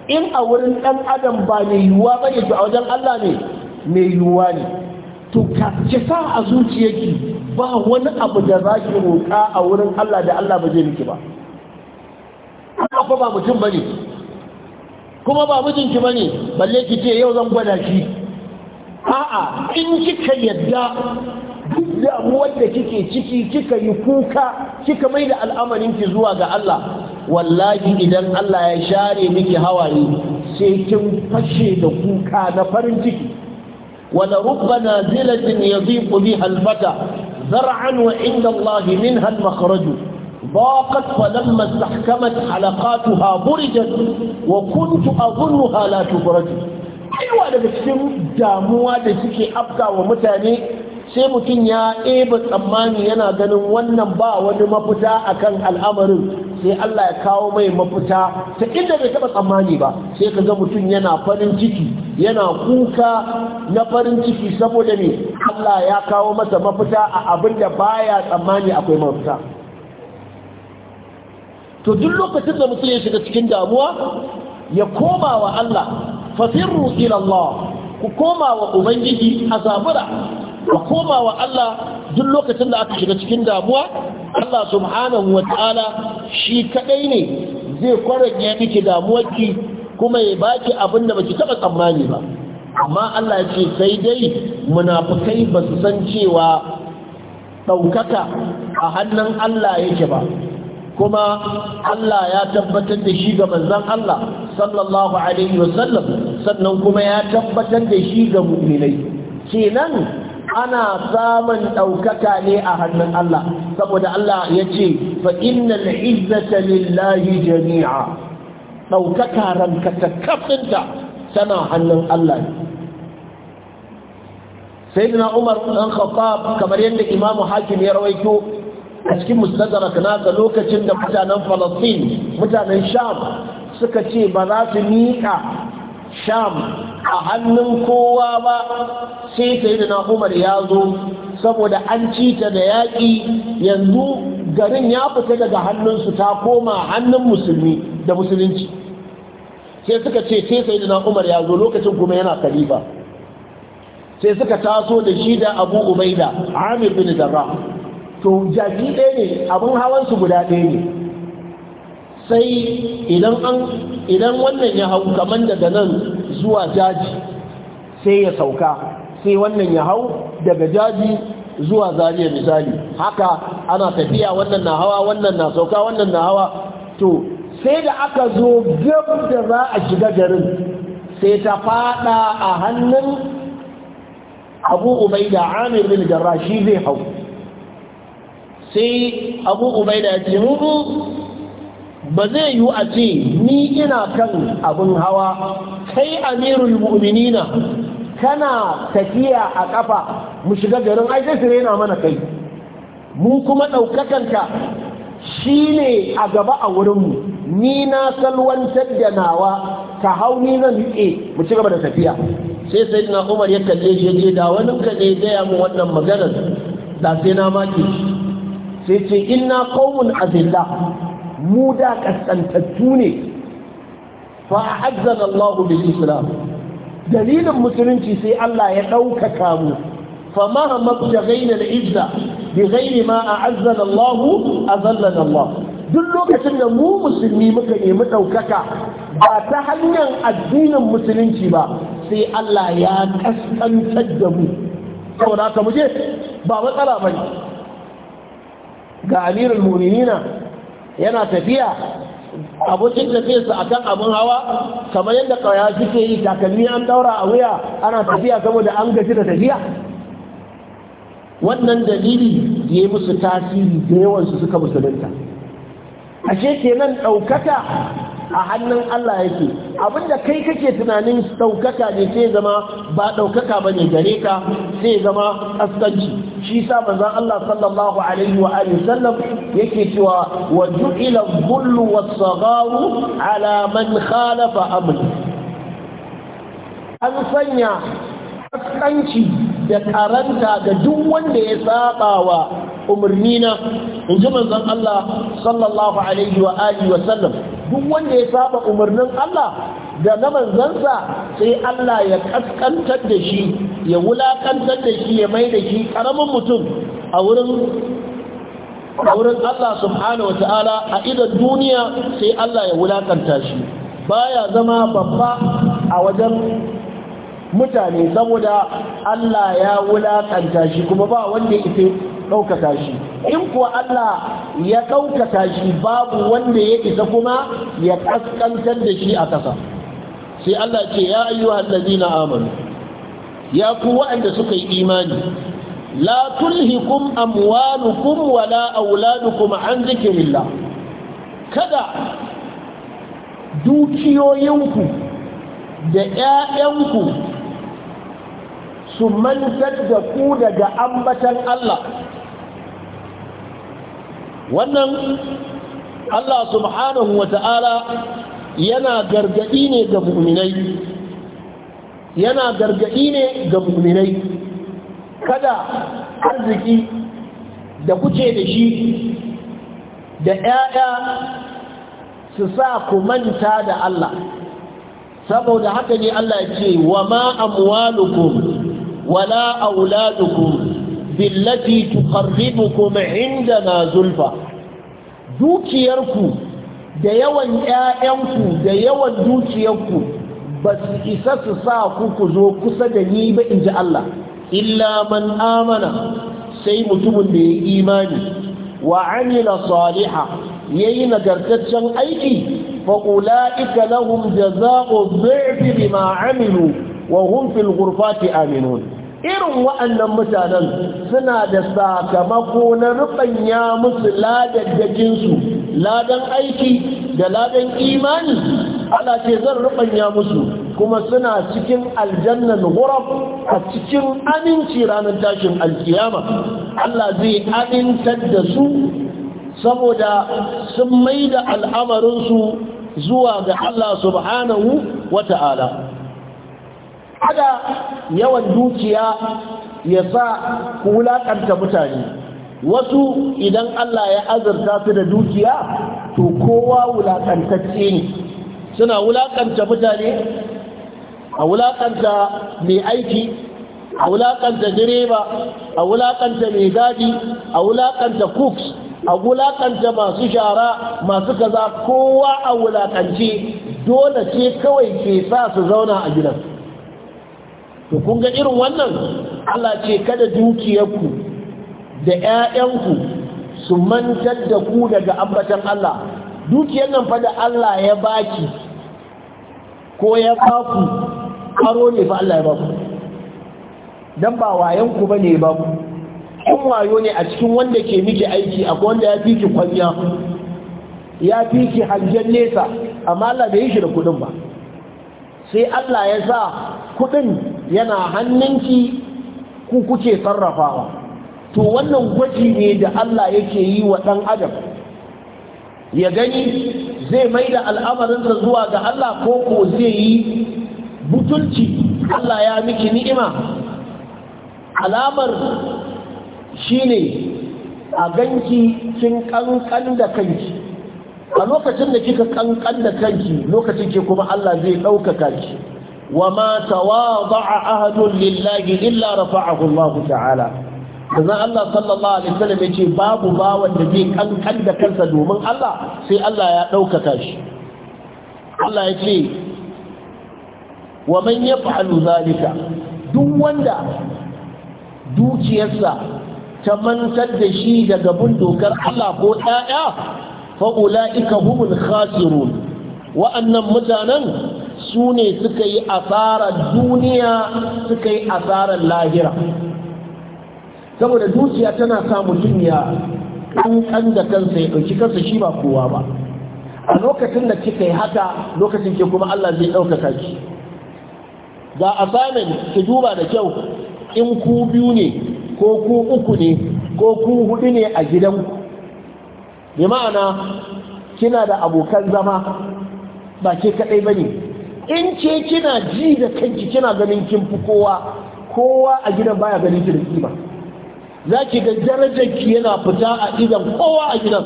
in a wurin ɗan adam ba mai yiwuwa ba ne a wajen allah ne mai yiwuwa ne to ka sa a zuciyarki ba wani abu da za ki roƙa a wurin allah da allah ba zai miki ba ba mutum ba ne kuma ba mijinki ba ne balle ki ce yau zan gwada shi a'a in kika yadda duk damuwar da kike ciki kika yi kuka kika mai da al'amarinki zuwa ga Allah wallahi idan Allah ya share miki hawaye sai kin fashe da kuka na farin ciki wala rubba nazilatin yadhiqu biha al-fata zar'an wa inda Allah minha al-makhraj ضاقت فلما استحكمت حلقاتها برجت وكنت أظنها لا تبرج aiwa daga cikin damuwa da suke afka wa mutane sai mutum ya eba tsammani yana ganin wannan ba wani mafita kan al'amarin sai Allah ya kawo mai mafita ta inda bai taɓa tsammani ba sai ka ga mutum yana farin ciki yana kuka na farin ciki saboda ne Allah ya kawo masa mafita a abin da baya tsammani akwai mafita to duk lokacin da mutum ya shiga cikin damuwa ya koma wa Allah fasirru ila Allah ku koma wa ubangiji a zabura ku koma wa Allah duk lokacin da aka shiga cikin damuwa Allah subhanahu wa ta'ala shi kadai ne zai kwarage miki damuwarki kuma ya baki abin da baki taba tsammani ba amma Allah ya ce sai dai munafikai ba su san cewa daukaka a hannun Allah yake ba kuma Allah ya tabbatar da shi ga manzon Allah sallallahu alaihi wasallam sannan kuma ya tabbatar da shi ga mu'minai kenan ana samun ɗaukaka ne a hannun Allah saboda Allah ya ce fa innal izzata lillahi jami'a ɗaukaka ranka ta kafinta tana hannun Allah na Umar ɗan Khattab kamar yadda Imam Hakim ya rawaito a cikin mustadrak naka lokacin da mutanen falastin mutanen sham suka ce ba za su miƙa sham a hannun kowa ba sai yi da umar ya zo saboda an cita da yaƙi yanzu garin ya fita daga hannunsu ta koma hannun musulmi da musulunci sai suka ce sai sai da umar ya zo lokacin kuma yana khalifa sai suka taso da shi da abu ubaida amir bin zarra to jaji ɗaya ne abin hawansu guda ɗaya ne sai idan wannan ya hau kamar daga nan zuwa jaji sai ya sauka sai wannan ya hau daga jaji zuwa zariya misali haka ana tafiya wannan na hawa wannan na sauka wannan na hawa to sai da aka zo gab da za a shiga garin sai ta fada a hannun abu ubaida amir bin jarrashi zai hau sai abu ubaida ya ce ba zai yi a ce ni ina kan abin hawa kai amirul mu'minina kana tafiya a kafa mu shiga garin aisha su rena mana kai mu kuma ɗaukakanka shi ne a gaba a wurinmu ni na salwantar da nawa ka hau ni zan riƙe mu ci gaba da tafiya sai sai na umar ya kalle shi ya ce da wani ka ya gaya mu wannan maganar da sai na maki sai ce inna qaumun azilla mu da kaskantattu ne fa Allah bil islam dalilin musulunci sai Allah ya ɗaukaka mu فمهما ابتغينا العزة ma a أعزنا a zallan Allah. duk lokacin da mu musulmi muka nemi ɗaukaka ba ta hanyar addinin musulunci ba sai Allah ya kaskantar da mu saboda haka muje ba matsala ba ne ga amirul muminina yana tafiya abokin tafiyarsa a kan abin hawa kamar yadda kawaya suke yi takalmi an daura a wuya ana tafiya saboda an gaji da tafiya wannan dalili ya yi musu tasiri da yawansu suka musulunta ashe kenan ɗaukaka a hannun Allah yake abinda kai kake tunanin ɗaukaka ne sai zama ba ɗaukaka ba ne gare ka sai zama kaskanci shi sa manzon Allah sallallahu alaihi wa alihi sallam yake cewa wa ju'ila dhullu was ala man khalafa amri an sanya kaskanci da karanta ga duk wanda ya saɓa wa umarnina in ji manzon Allah sallallahu alaihi wa alihi wa sallam duk wanda ya saba umarnin Allah da na manzansa sai Allah ya kaskantar da shi ya wulakantar da shi ya mai da shi karamin mutum a wurin a Allah subhanahu ta'ala a idan duniya sai Allah ya wulakanta shi baya zama babba a wajen mutane saboda Allah ya wulakanta shi kuma ba wanda ya ɗaukaka shi in kuwa Allah ya ɗaukaka shi babu wanda ya isa kuma ya ƙasƙantar da shi a ƙasa sai Allah ce ya ayyuhal ladzina amanu ya ku waɗanda suka yi imani la tulhikum amwalukum wala auladukum an zikrillah kada dukiyoyinku da 'ya'yanku su mantar da ku daga ambatan Allah wannan Allah subhanahu wa ta'ala yana gargaɗi ne ga mu'minai yana gargaɗi ne ga mu'minai kada arziki da kuke da shi da ‘ya'ya su sa ku manta da Allah saboda haka ne Allah ce wa ma wala auladukum billati tuqarribukum indana zulfa dukiyarku da yawan ƴaƴanku da yawan dukiyarku ba su isa su sa ku zo kusa da ni ba in ji Allah illa man amana sai mutumin da ya imani wa amila saliha yayi nagartaccen aiki fa ulaika lahum jazaa'u dhi'fi bima amilu wa hum fil ghurfati aminun irin wa'annan mutanen suna da sakamako na ruɓanya musu ladaddakinsu ladan aiki da ladan imani ana ce zan rubanya musu kuma suna cikin aljannan gurab a cikin aminci ranar tashin alkiyama Allah zai amintar da su saboda sun maida al'amarinsu zuwa ga Allah subhanahu wa ta'ala kada yawan dukiya ya sa ku wulaƙanta mutane wasu idan Allah ya azurta su da dukiya to kowa wulaƙantacce ne suna wulaƙanta mutane a wulaƙanta mai aiki a wulaƙanta direba a wulaƙanta mai gadi a wulaƙanta cooks a wulaƙanta masu shara masu kaza kowa a wulaƙance dole ce kawai ke sa su zauna a gidan to kun ga irin wannan Allah ce kada dukiyarku da ƴaƴanku su mantar da ku daga ambatan Allah dukiyar nan fa da Allah ya baki ko ya baku karo ne fa Allah ya baku dan ba wayanku bane ba ku kun wayo ne a cikin wanda ke miki aiki akwai wanda ya fi ki kwanya ya fi ki hangen nesa amma Allah bai yi shi da kudin ba sai Allah ya sa kudin yana hannunki ku kuke sarrafawa to wannan gwaji ne da Allah yake yi wa ɗan adam ya gani zai mai da al'amarinsa zuwa ga Allah ko ko zai yi butulci Allah ya miki ni'ima alamar shine a ganki kin kankan da kanki a lokacin da kika kankan da kanki lokacin ke kuma Allah zai ɗaukaka ki وما تواضع أحد لله إلا رفعه الله تعالى kaza Allah sallallahu alaihi wasallam yace babu bawan da zai kankan da kansa domin Allah sai Allah ya daukaka shi Allah yace wa man yaf'alu zalika duk wanda dukiyarsa ta mantar da shi daga bin dokar Allah ko ɗaya fa ulaika humul khasirun wa'annan mutanen su ne suka yi asarar duniya suka yi asarar lahira saboda dukiya tana sa mutum ya kankan da kansa ya ɗauki kansa shi ba kowa ba a lokacin da kika yi haka lokacin ke kuma Allah zai ɗaukaka ki ga assignment ki duba da kyau in ku biyu ne ko ku uku ne ko ku hudu ne a gidan ku bi ma'ana kina da abokan zama ba ke kaɗai ba ne in ce kina ji da kanki kina ganin kin fi kowa kowa a gidan baya ganin ki da kima za ki ga darajar ki yana fita a idan kowa a gidan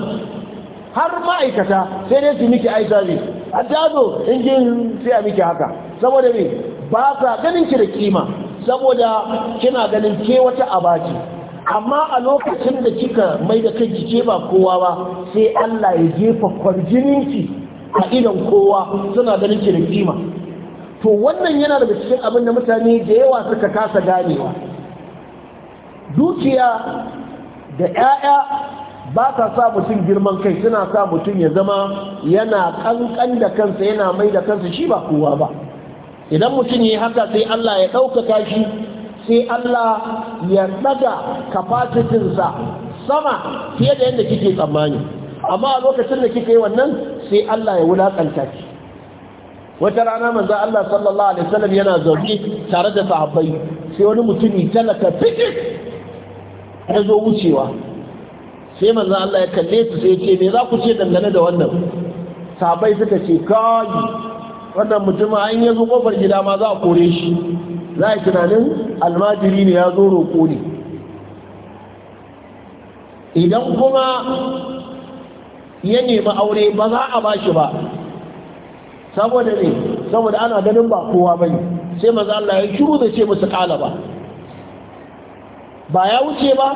har ma'aikata sai dai su miki aisha ne a dazo in ji sai a miki haka saboda me ba sa ganin ki da kima saboda kina ganin ke wata abaci amma a lokacin da kika mai da kanki ke ba kowa ba sai Allah ya jefa kwarjininki a idon kowa suna ganin ki da kima to wannan yana daga cikin abin da mutane da yawa suka kasa ganewa dukiya da 'ya'ya ba ta sa mutum girman kai suna sa mutum ya zama yana kankan da kansa yana mai da kansa shi ba kowa ba idan mutum ya haka sai Allah ya ɗaukaka shi sai Allah ya ɗaga kafasitinsa sama fiye da yadda kike tsammani amma a lokacin da kika yi wannan sai Allah ya wulakanta ki wata rana manzo Allah sallallahu alaihi wasallam yana zaune tare da sahabbai sai wani mutumi talaka fiki ya zo wucewa sai manzo Allah ya kalle su sai ya ce me za ku ce dangane da wannan sahabbai suka ce kai wannan mutumin an ya zo kofar gida ma za a kore shi za a tunanin almajiri ne ya zo roƙo ne idan kuma ya nemi aure ba za a bashi ba saboda ne saboda ana ganin ba kowa bai sai maza Allah ya shiru da ce musu kala ba ba ya wuce ba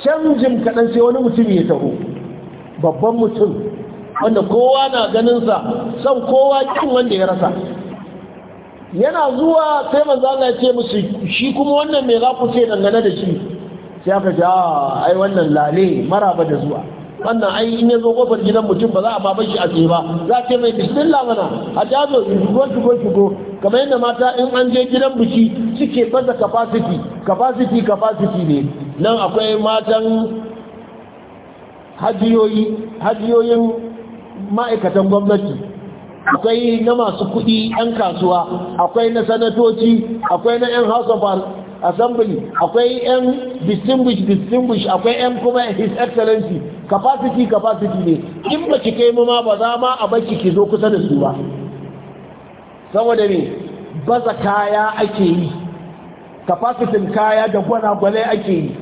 canjin kaɗan sai wani mutum ya taho babban mutum wanda kowa na ganinsa son kowa kin wanda ya rasa yana zuwa sai maza Allah ya ce musu shi kuma wannan mai za ku ce dangane da shi sai aka ce ah, ai wannan lale maraba da zuwa wannan ai in ya zo kofar gidan mutum ba za a ba shi a tsaye ba za ce mai bismillah mana a jazo shigo shigo shigo kamar yadda mata in an je gidan biki suke baza capacity capacity capacity ne nan akwai matan hajiyoyi hajiyoyin ma'aikatan gwamnati akwai na masu kuɗi 'yan kasuwa akwai na sanatoci akwai na 'yan house of assembly akwai yan distinguish distinguish akwai yan kuma his excellency capacity capacity ne in ba ki kai ma ba za ma a baki ki zo kusa da su ba saboda ne baza kaya ake yi capacity kaya da gwanagwale ake yi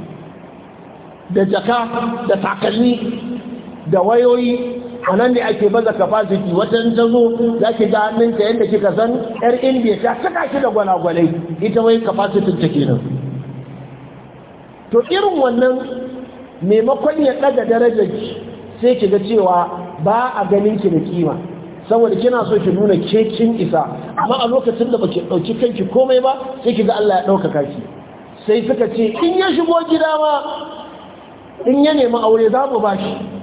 da jaka da takalmi da wayoyi a nan ne ake baza capacity wata ta zo za ki ga hannunta yadda kika san yar indiya ta saka shi da gwanagwalai ita wai capacity ta kenan to irin wannan maimakon ya ɗaga darajar sai ki ga cewa ba a ganin ki da kima saboda kina so ki nuna ke kin isa amma a lokacin da baki dauki kanki komai ba sai ki ga Allah ya dauka ki sai suka ce in ya shigo gida ma in ya nemi aure za mu bashi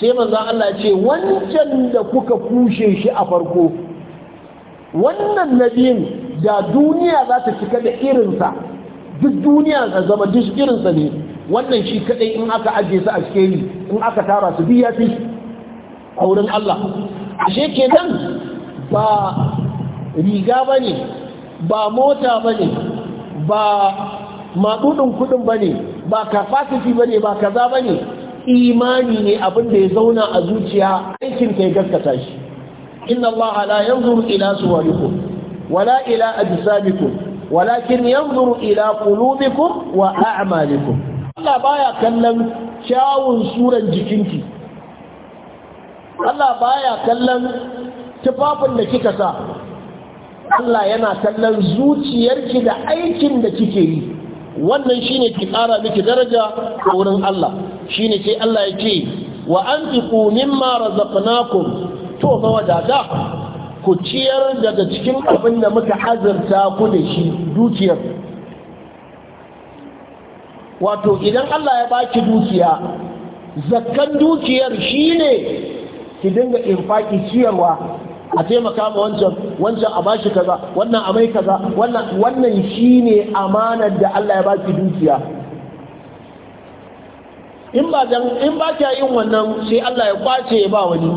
sai manzan Allah ce wancan da kuka kushe shi a farko wannan nabiyin da duniya za ta cika da irinsa duk duniya ta zama duk irinsa ne wannan shi kadai in aka ajiye su a cikin in aka tara su biya fi a wurin Allah ashe kenan ba riga bane ba mota bane ba maɗuɗin kuɗin bane ba capacity bane ba kaza bane imani ne abin da ya zauna a zuciya aikin ka ya gaskata shi inna Allah la yanzuru ila suwarikum wala ila ajsamikum walakin yanzuru ila qulubikum wa a'malikum Allah baya kallon kyawun suran jikinki Allah baya kallon tufafin da kika sa Allah yana kallon zuciyarki da aikin da kike yi wannan shine ki ƙara miki daraja a wurin Allah shine sai Allah ya ce wa anfiqu mimma razaqnakum to fa wadata ku ciyar daga cikin abin da muka azurta ku da shi dukiyar wato idan Allah ya baki dukiya zakkan dukiyar shine ki dinga infaki ciyarwa a taimaka ma wancan wancan a bashi kaza wannan a mai kaza wannan shi shine amanar da Allah ya baki dukiya in ba dan in ba kya yin wannan sai Allah ya kwace ya ba wani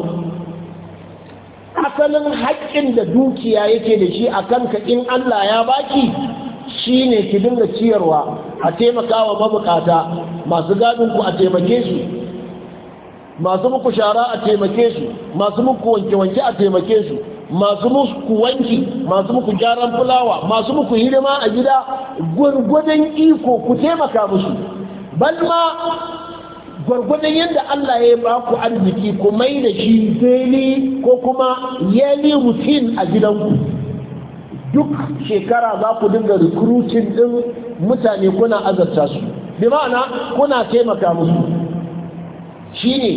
asalin haƙƙin da dukiya yake da shi a kanka in Allah ya baki shine ki dinga ciyarwa a taimakawa mabukata masu gadin ku a taimake su masu muku shara a taimake su masu muku wanke-wanke a taimake su masu muku wanki masu muku gyaran fulawa masu muku hidima a gida gwargwadon iko ku taimaka musu Balma. gwargwadon yadda Allah ya ba ku arziki ku mai da shi daily ko kuma yearly routine a gidanku duk shekara za ku dinga recruiting din mutane kuna azarta su bi ma'ana kuna taimaka musu Shi ne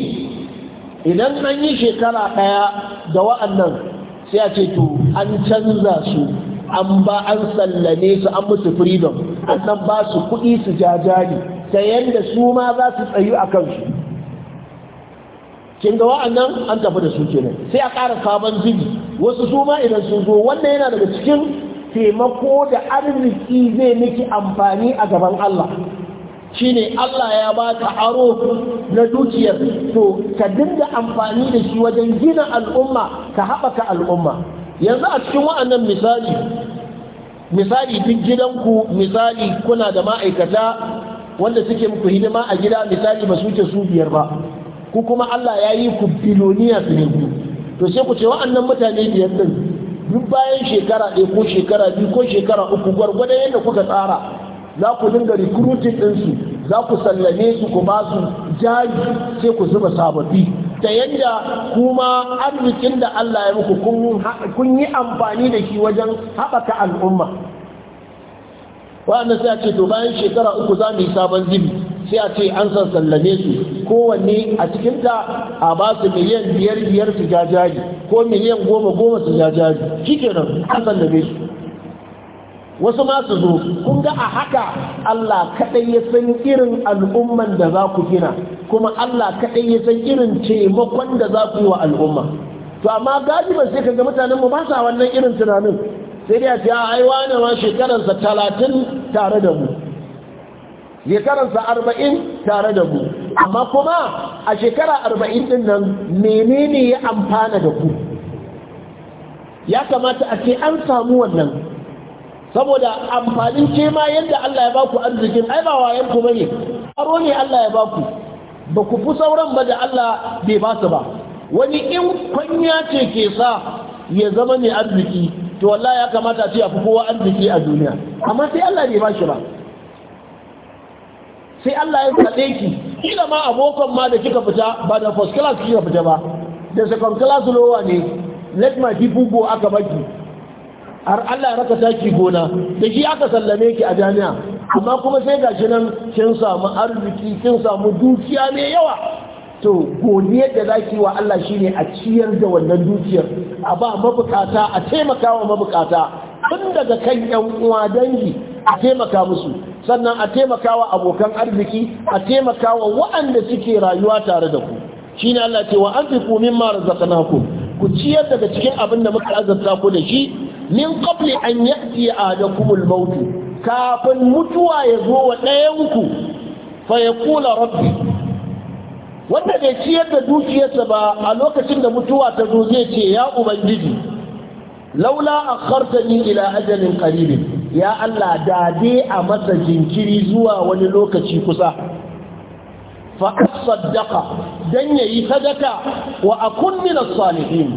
idan an yi shekara ɗaya da wa'annan sai a ce to an canza su an ba an sallame su an musu freedom an ba su kuɗi su ja-jari. ta yadda su ma za su tsayu a kansu kin ga wa'annan an tafi da su nan, sai a ƙara sabon zigi wasu su ma idan sun zo wannan yana daga cikin taimako da arziki zai miki amfani a gaban Allah shine Allah ya ba ta aro na dukiyar to ka dinga amfani da shi wajen gina al'umma ka haɓaka al'umma yanzu a cikin wa'annan misali misali duk gidanku misali kuna da ma'aikata wanda suke muku hidima a gida misali ba suke su biyar ba ku kuma Allah ya yi ku biloniya su ne ku to sai ku ce wa'annan mutane biyar din duk bayan shekara ɗaya ko shekara biyu ko shekara uku gwargwada yadda kuka tsara za ku dinga recruiting ɗinsu za ku sallame su ku ba su jari sai ku zuba sababbi ta yadda kuma arzikin da Allah ya muku kun yi amfani da shi wajen haɓaka al'umma wa'annan sai a ce to bayan shekara uku za mu yi sabon zibi sai a ce an san sallame su kowanne a cikinta a ba su miliyan biyar biyar su jajaji ko miliyan goma goma su jajaji nan an sallame su wasu ma su zo kun ga a haka Allah kaɗai ya san irin al'umman da za ku gina kuma Allah kaɗai ya san irin taimakon da za ku yi wa al'umma to amma ban sai ka ga mutanen mu ba sa wannan irin tunanin sai dai a ce ai wane ma shekaransa talatin tare da mu shekaransa arba'in tare da mu amma kuma a shekara arba'in din nan menene ya amfana da ku ya kamata a ce an samu wannan saboda amfanin ce ma yadda Allah ya baku arzikin ai ba wayan ku bane aro ne Allah ya baku ba ku fi sauran ba da Allah bai ba su ba wani in kwanya ce ke sa ya zama ne arziki to wallahi ya kamata a ce afi fi kowa arziki a duniya amma sai Allah bai ba shi ba sai Allah ya kaɗe ki kila ma abokan ma da kika fita ba da first class kika fita ba da second class lowa ne let my people go aka baki har Allah ya raka taki gona da shi aka sallame ki a jami'a amma kuma sai gashi nan kin samu arziki kin samu dukiya mai yawa to godiyar da zaki wa Allah shine a ciyar da wannan dukiyar a ba mabukata a taimaka wa mabukata tun daga kan yan uwa dangi a taimaka musu sannan a taimaka wa abokan arziki a taimaka wa waɗanda suke rayuwa tare da ku shine Allah ce wa anfiqu mimma razaqnakum ku ciyar daga cikin abin da muka azata ku da shi min qabli an ya'ti adakumul maut kafin mutuwa ya zo wa ɗayan ku fa yaqula rabbi wanda bai ciyar da dukiyarsa ba a lokacin da mutuwa ta zo zai ce ya ubangiji laula a ni ila ajalin qarib ya Allah da dai a masa jinkiri zuwa wani lokaci kusa fa asaddaqa dan yayi sadaka wa akun min as-salihin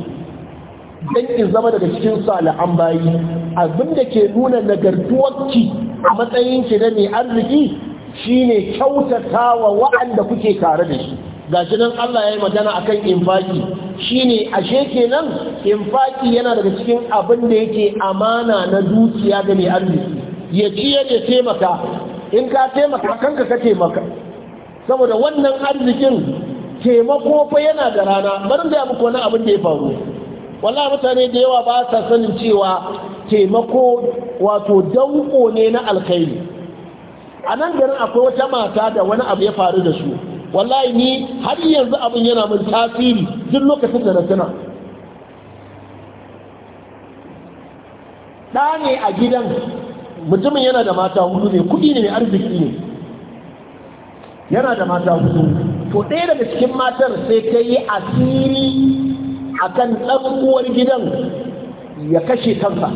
dan in zama daga cikin salihan bayi abinda ke nuna nagartuwarki a matsayin ki na mai arziki shine kyautatawa wa'anda kuke tare da shi Ga shi nan Allah ya yi magana akan infaki shine ashe kenan infaki yana daga cikin abin da yake amana na dukiya ga mai arziki ya ci ya taimaka in ka taimaka kanka ka taimaka saboda wannan arzikin taimako fa yana da rana bari da muku wani abin da ya faru wallahi mutane da yawa ba sa sanin cewa taimako wato danko ne na alkhairi a nan garin akwai wata mata da wani abu ya faru da su wallahi ni har yanzu abin yana min tasiri duk lokacin da na tuna ɗa ne a gidan mutumin yana da mata hudu ne kuɗi ne mai arziki ne yana da mata hudu to ɗaya daga cikin matar sai ta yi asiri a kan ɗan uwar gidan ya kashe kansa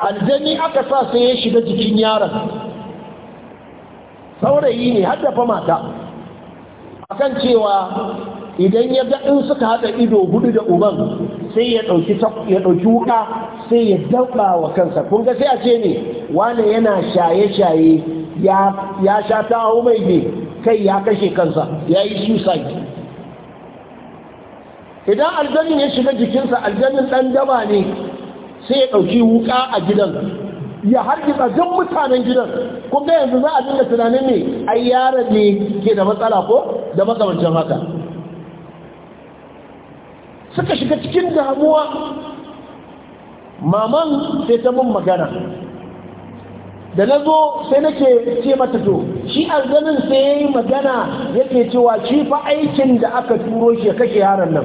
aljani aka sa sai ya shiga jikin yaron saurayi ne haddafa mata akan cewa idan ya ga in suka haɗa ido hudu da uban sai ya ɗauki wuka sai ya dauka wa kansa kun ga sai a ce ne wane yana shaye-shaye ya sha ta mai ne kai ya kashe kansa ya yi suicide idan aljanin ya shiga jikinsa aljanin ɗan daba ne sai ya ɗauki wuka a gidan ya hargitsa duk mutanen gidan kun ga yanzu za a dinga tunanin ne ai yaron ne ke da matsala ko da makamancin haka suka shiga cikin damuwa maman sai ta mun magana da na zo sai nake ce mata to shi zanen sai ya yi magana yake cewa shi fa aikin da aka turo shi ya kashe yaron nan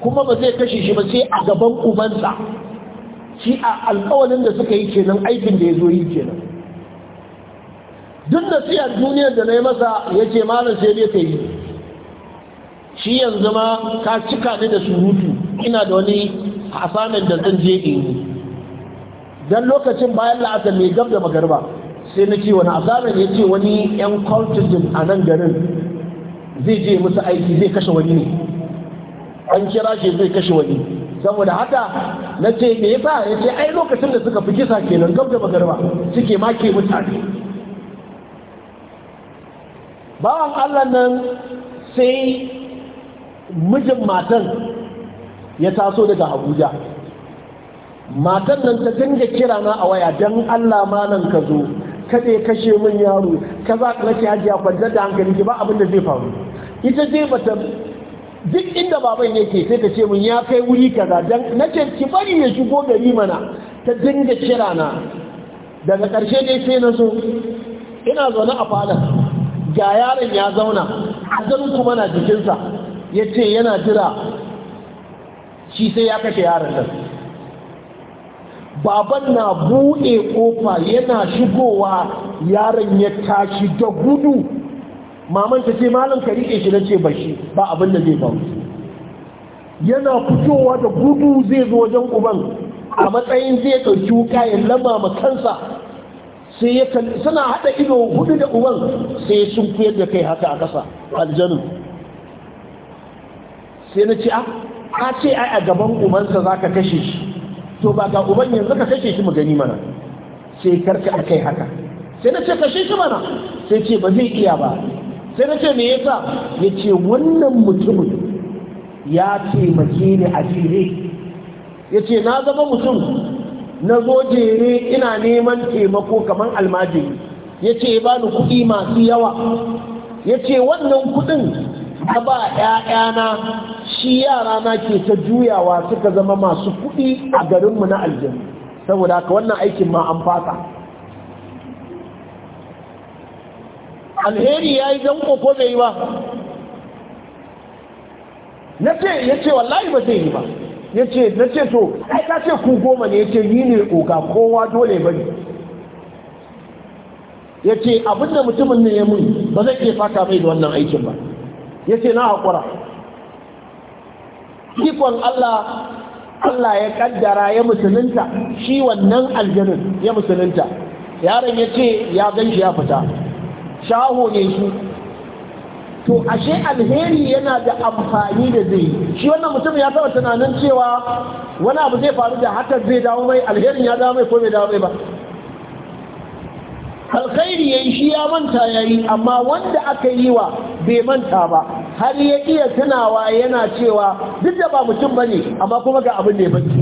kuma ba zai kashe shi ba sai a gaban ubansa shi a alkawalin da suka yi kenan aikin da ya zo yi kenan duk da siyar duniyar da na yi masa ya ce malam sai dai ka yi shi yanzu ma ka cika ni da surutu ina da wani asamin da zan je in yi dan lokacin bayan la'asar mai gab da magarba sai na ce wani asamin ya ce wani yan cultism a nan garin zai je musu aiki zai kashe wani ne an kira shi zai kashe wani saboda haka na ce me yasa ya ce ai lokacin da suka fi kisa kenan gab da magarba suke make mutane bawan allah nan sai mijin matan ya taso daga abuja matan nan ta dinga kira na a waya don allah ma nan ka zo kaɗe kashe min yaro kaza nake hajiya kwanzar da hankali ba abin da zai faru ita je bata duk inda baban yake sai ta ce mun ya kai wuri kaza dan nace ki bari ya shigo gari mana ta dinga kira na daga ƙarshe dai sai na so ina zaune a falon ga yaron ya zauna azanin kuma na jikinsa ya ce yana jira shi sai ya kashe yaron nan baban na buɗe ƙofa yana shigowa yaron ya tashi da gudu maman ta ce malam ka rike shi nace ce ba abin da zai faru yana fitowa da gudu zai zo wajen uban a matsayin zai ɗauki wuka ya lama ma kansa sai ya suna haɗa ido hudu da uban sai ya sunkuyar da kai haka a ƙasa aljanu sai na ce ah, a ce ai a gaban ubansa za ka kashe shi to ba ga uban yanzu ka kashe shi mu gani mana sai karka a kai haka sai na ce kashe shi mana sai ce ba zai iya ba sai na ce me yasa yace wannan mutumin ya taimake ni a jere ya na zama mutum na zo jere ina neman taimako kamar almajiri ya ce ba ni kuɗi masu yawa Yace wannan kuɗin na ba na shi yara na ke ta juyawa suka zama masu kuɗi a garinmu na aljanu saboda haka wannan aikin ma an fata alheri ya yi danko ko bai yi ba na ce ya ce wallahi ba zai yi ba ya ce na ce to ai ta ce ku goma ne ya ce yi ne oga kowa dole ba ne. ya ce abinda mutumin ne ya mun ba zai iya fata mai da wannan aikin ba ya ce na haƙura ikon Allah Allah ya kaddara ya musulunta shi wannan aljanin ya musulunta yaron ya ce ya gan ya fita shaho ne shi to ashe alheri yana da amfani da zai shi wannan mutum ya taba tunanin cewa wani abu zai faru da haka zai dawo mai alherin ya dawo mai ko bai dawo mai ba alkhairi yayi shi ya manta yayi amma wanda aka yi wa bai manta ba har ya iya tunawa yana cewa duk da ba mutum bane amma kuma ga abin da ya baki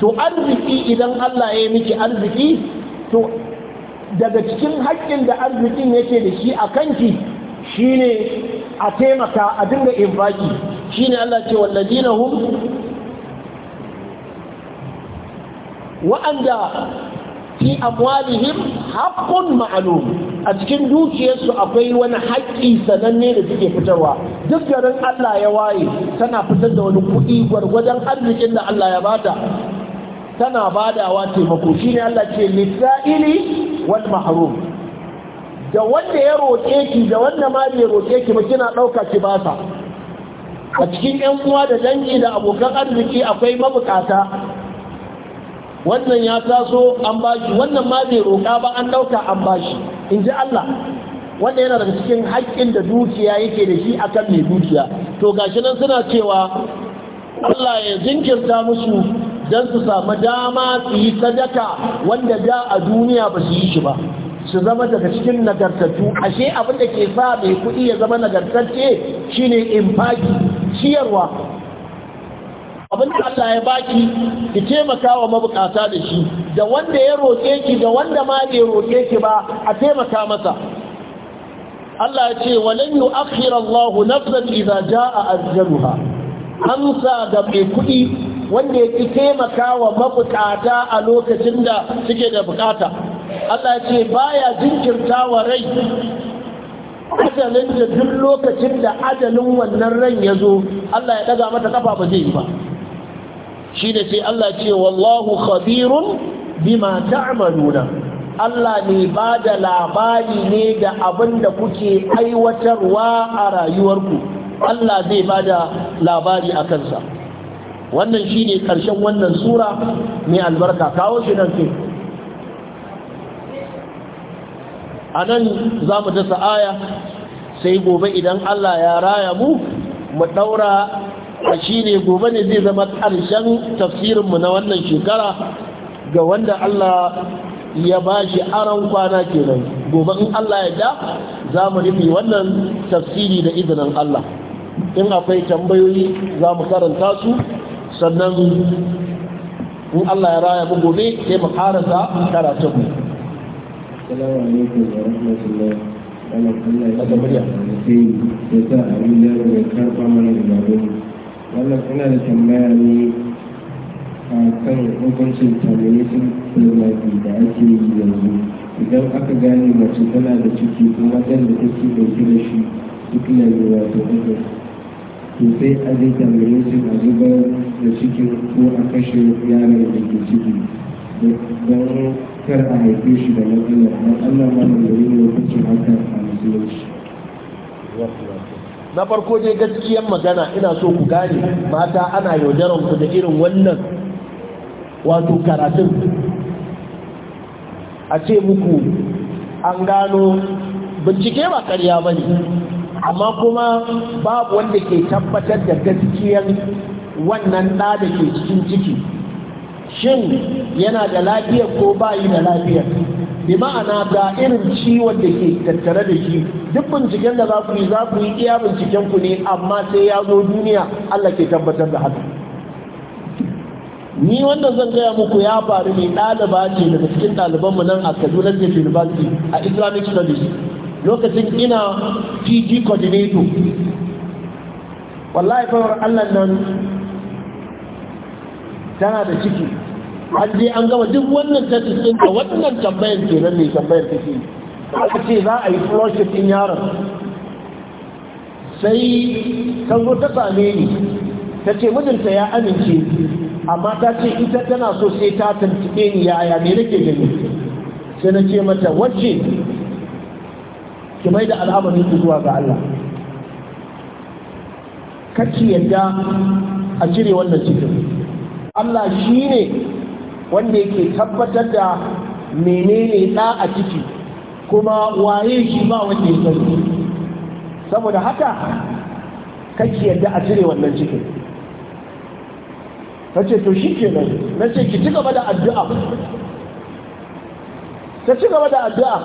to arziki idan Allah ya yi miki arziki to daga cikin haƙƙin da arzikin yake da shi a kanki shine a taimaka a dinga infaki shine Allah ce wallazina hum wa'anda fi amwalihim haqqun ma'lum a cikin dukiyarsu akwai wani haƙƙi sananne da suke fitarwa duk garin Allah ya waye tana fitar da wani kuɗi gwargwadon arzikin da Allah ya bata tana badawa taimako shi ne Allah ce lisa'ili wal mahrum da wanda ya roƙe ki da wanda ma bai roƙe ki ba kina ɗauka ki ba sa. a cikin ƴan uwa da dangi da abokan arziki akwai mabukata wannan ya taso an bashi wannan ma bai roƙa ba an ɗauka an bashi in ji Allah wanda yana daga cikin haƙƙin da dukiya yake da shi akan mai dukiya to gashi nan suna cewa Allah ya jinkirta musu don su samu dama su yi sadaka wanda da a duniya ba su yi shi ba su zama daga cikin nagartattu ashe abin da ke sa mai kuɗi ya zama nagartacce shine infaki ciyarwa abin da Allah ya baki ki taimaka wa mabukata da shi da wanda ya roƙe ki da wanda ma bai roƙe ki ba a taimaka masa Allah ya ce walan yu'akhir Allah nafsan idza jaa ajaluha amsa da mai kuɗi wanda ya ki taimaka wa mabukata a lokacin da suke da bukata Allah ce baya jinkirta wa rai ajalin da duk lokacin da ajalin wannan ran ya zo Allah ya ɗaga mata kafa ba zai yi ba shi ne sai Allah ce wallahu khabirun bima ta'maluna Allah ne ba da labari ne da abin da kuke aiwatarwa a rayuwarku Allah zai ba da labari a kansa wannan shi ne ƙarshen wannan sura mai albarka kawo shi nan ke? a nan za mu dasa aya sai gobe idan Allah ya raya mu mu ɗaura a shi ne gobe ne zai zama ƙarshen tafsirinmu na wannan shekara ga wanda Allah ya ba shi aron kwana kenan gobe in Allah ya da za mu rufe wannan tafsiri da izinin Allah in akwai tambayoyi za mu karanta su sannan in Allah ya raya mu gobe sai mu karasa karatun mu assalamu alaikum wa rahmatullahi Allah Allah ya murya sai ya sa abin da ya karba mana da babu wannan ina da tambaya ne a kan hukuncin termination therapy da ake yi yanzu idan aka gane mace tana da ciki kuma ɗan da take ɗauke da shi duk yanzu wato ɗauke Sosai sai a zai tambaye su a zubar da cikin ko a kashe yanar da ke ciki don kar a haife shi da matsala na allah ma da yi lokacin haka a musulunci na farko dai gaskiyar magana ina so ku gane mata ana yaudaran ku da irin wannan wato karatun a ce muku an gano bincike ba karya ba ne amma kuma babu wanda ke tabbatar da gaskiyar wannan ɗa da ke cikin ciki shin yana da lafiya ko bayi da lafiya bi ma'ana ga irin ciwon da ke tattare da shi duk binciken da za ku yi za ku yi iya binciken ku ne amma sai ya zo duniya Allah ke tabbatar da haka ni wanda zan gaya muku ya faru ne ɗaliba ce daga cikin ɗalibanmu nan a Kaduna State University a Islamic Studies lokacin ina pg coordinator wallahi kawar allah nan tana da ciki an je an gama duk wannan tattalin da wannan tambayar ke nan ne tambayar take aka ce za a yi flushing ɗin yaron sai kanzo ta same ni ta ce mijinta ya amince amma ta ce ita tana so sai ta tantike ni yaya ne nake gani sai na ce mata wacce ki mai da al'amarin ki zuwa ga Allah kacci yadda a cire wannan cikin Allah shi ne wanda yake tabbatar da menene ɗa a ciki kuma waye shi ba wanda ya sani saboda haka kacci yadda a cire wannan cikin ta ce to shi ke na ce ki ci gaba da addu'a ta ci gaba da addu'a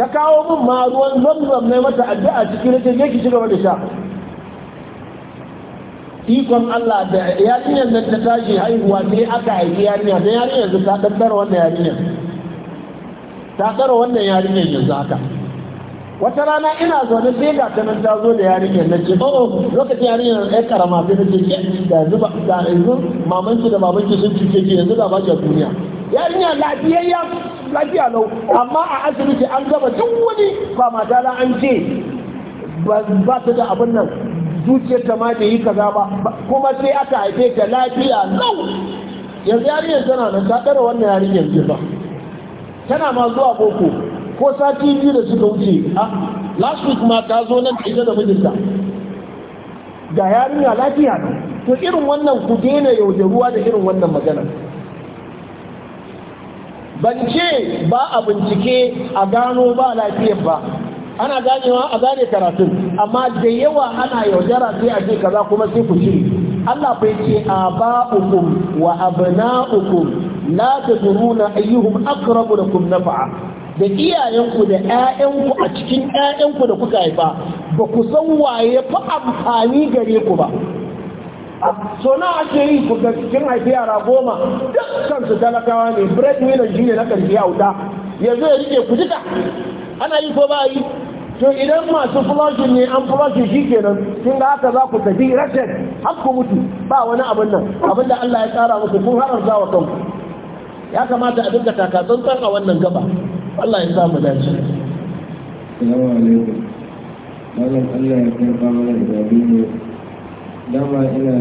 ta kawo min ma ruwan zamzam ne mata addu'a cikin rikin yake shiga wani sha ikon Allah da yarinyar da ta tashi haihuwa sai aka haifi yarinya da yarinyar da ta ɗaɗɗara wannan yarinyar ta ɗara wannan yarinyar yanzu haka wata rana ina zaune sai ga kanan ta zo da yarinyar na ce oh, oh lokacin yarinyar ɗaya karama sai na ce da yanzu mamanki da babanki sun cuce ki yanzu da ba duniya yarinya lafiyayya lafiya lau amma a asibiti an gaba duk wani ba matala an ce ba ta da abin nan zuciyar ta ma da yi kaza ba kuma sai aka haife ta lafiya lau yanzu yarinyar tana nan ta ɗara wannan yarinyar ce ba tana ma zuwa boko ko sati biyu da suka wuce a last week ma ta zo nan ita da mijinta ga yarinya lafiya to irin wannan ku daina ruwa da irin wannan magana ban ce ba a bincike a gano ba lafiyar ba ana ganewa a gane karatun amma da yawa ana yaudara sai a ce kaza kuma sai ku shiri Allah bai ce a ba uku, wa abna'ukum la tadruna ayyuhum aqrabu lakum naf'a da iyayenku da ƴaƴanku a cikin ƴaƴanku da kuka haifa ba ku san waye fa amfani gare ku ba so na ake yi ku ga cikin haifi yara goma dukkan su talakawa ne bread winner shi ne na karfi a wuta yanzu ya rike ku duka ana yi ko ba yi to idan masu flushing ne an flushing shi kenan kin ga haka za ku tafi rashin har ku mutu ba wani abin nan abin da Allah ya tsara musu kun hararza wa kanku ya kamata a dinga takatsantsan a wannan gaba Allah ya sa mu dace Assalamu alaikum. Allah ya karɓa mana da ne dama ina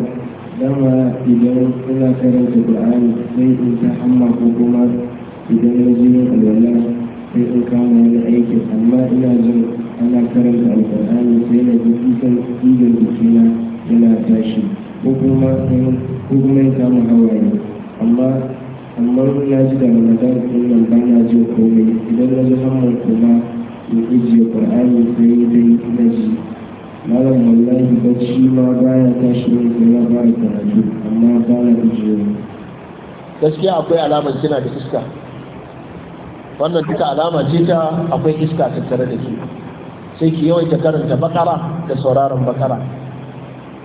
dama idan ina karanta qur'ani sai in ta hamma ko kuma idan na ji yin alwala sai in kama wani aiki amma ina jin ana karanta alqur'ani sai na ji kusan ɗigan jikina yana tashi ko kuma ko kuma in kama hawaye amma amma na ji da wani da kullum nan ba na jin komai idan na ji hamman kuma shirin da ya fara karatu amma ba na ajiyewa gaskiya akwai alamar suna da iska wannan duka alama ce ta akwai iska tattare da su, sai ki yawaita karanta bakara da sauraron bakara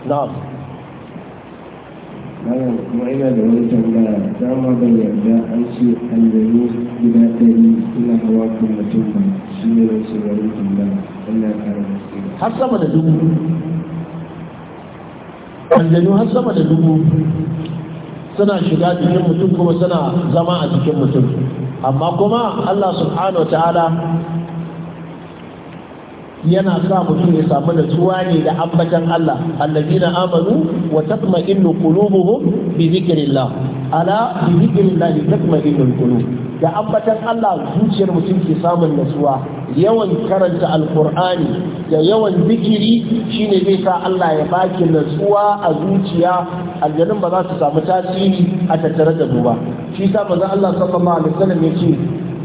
na'am Malam kuma ina da wani tambaya dama ban yarda an ce aljanu gida ɗari suna hawa kan mutum ba shi ne wasu garin tambaya Allah ya Har sama da dubu aljanu har sama da dubu suna shiga jikin mutum kuma suna zama a jikin mutum amma kuma Allah subhanahu wa ta'ala yana sa mutum ya samu natsuwa ne da ambatan Allah allazina amanu wa tatma'innu qulubuhum bi dhikrillah ala bi dhikrillah tatma'innul qulub da ambatan Allah zuciyar mutum ke samun nasuwa yawan karanta alkur'ani da yawan zikiri shine zai sa Allah ya baki nasuwa a zuciya aljanun ba za su samu tasiri a tattare da ba shi sa manzon Allah sallallahu alaihi wasallam ce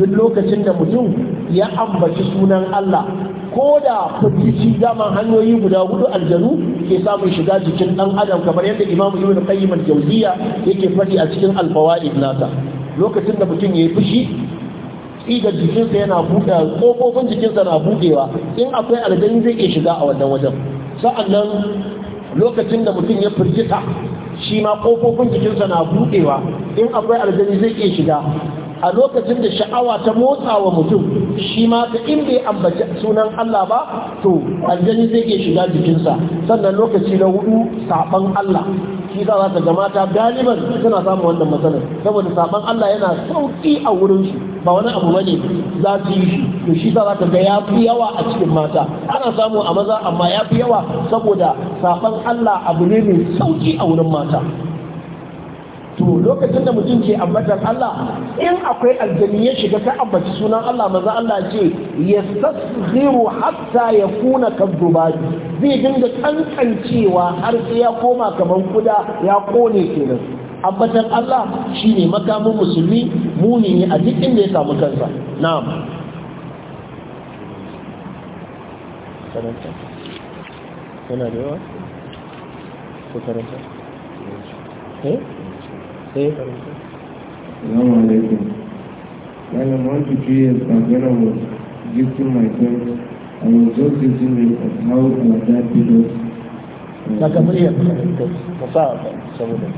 duk lokacin da mutum ya ambaci sunan Allah ko da fitici daman hanyoyi guda hudu aljanu ke samun shiga jikin dan adam kamar yadda imamu ibn qayyim al-jawziya yake faɗi a cikin al-fawaid nasa lokacin da mutum ya yi fushi tsigar jikinsa yana buɗe ƙofofin jikinsa na buɗewa in akwai aljani zai iya shiga a wannan wajen sa'annan lokacin da mutum ya firgita shi ma ƙofofin jikinsa na buɗewa in akwai aljani zai iya shiga a lokacin da sha'awa ta motsa wa mutum shi ma ta in bai ambaci sunan Allah ba to aljani zai iya shiga jikinsa sannan lokaci na hudu saban Allah shi za ka ga mata galiban suna samun wannan matsalar saboda saban Allah yana sauki a wurin shi ba wani abu bane za su yi shi to shi za ka ga yafi yawa a cikin mata ana samu a maza amma yafi yawa saboda saban Allah abu ne mai sauki a wurin mata to lokacin da mutum ke ambatar Allah in akwai aljani ya shiga ta ambaci sunan Allah maza Allah ce ya sassiru hatta ya kuna kaddubaji zai dinga tsantsancewa har sai ya koma kamar kuda ya kone kenan Ambatar Allah shine makamin musulmi muni ne a duk inda ya samu kansa na'am karanta yana da yawa ko karanta eh eh Assalamu alaikum. Madam, one to three years back when I was gifting my friends, I was just getting rid of how our dad did us. Nakamria Musafa, Sabuda.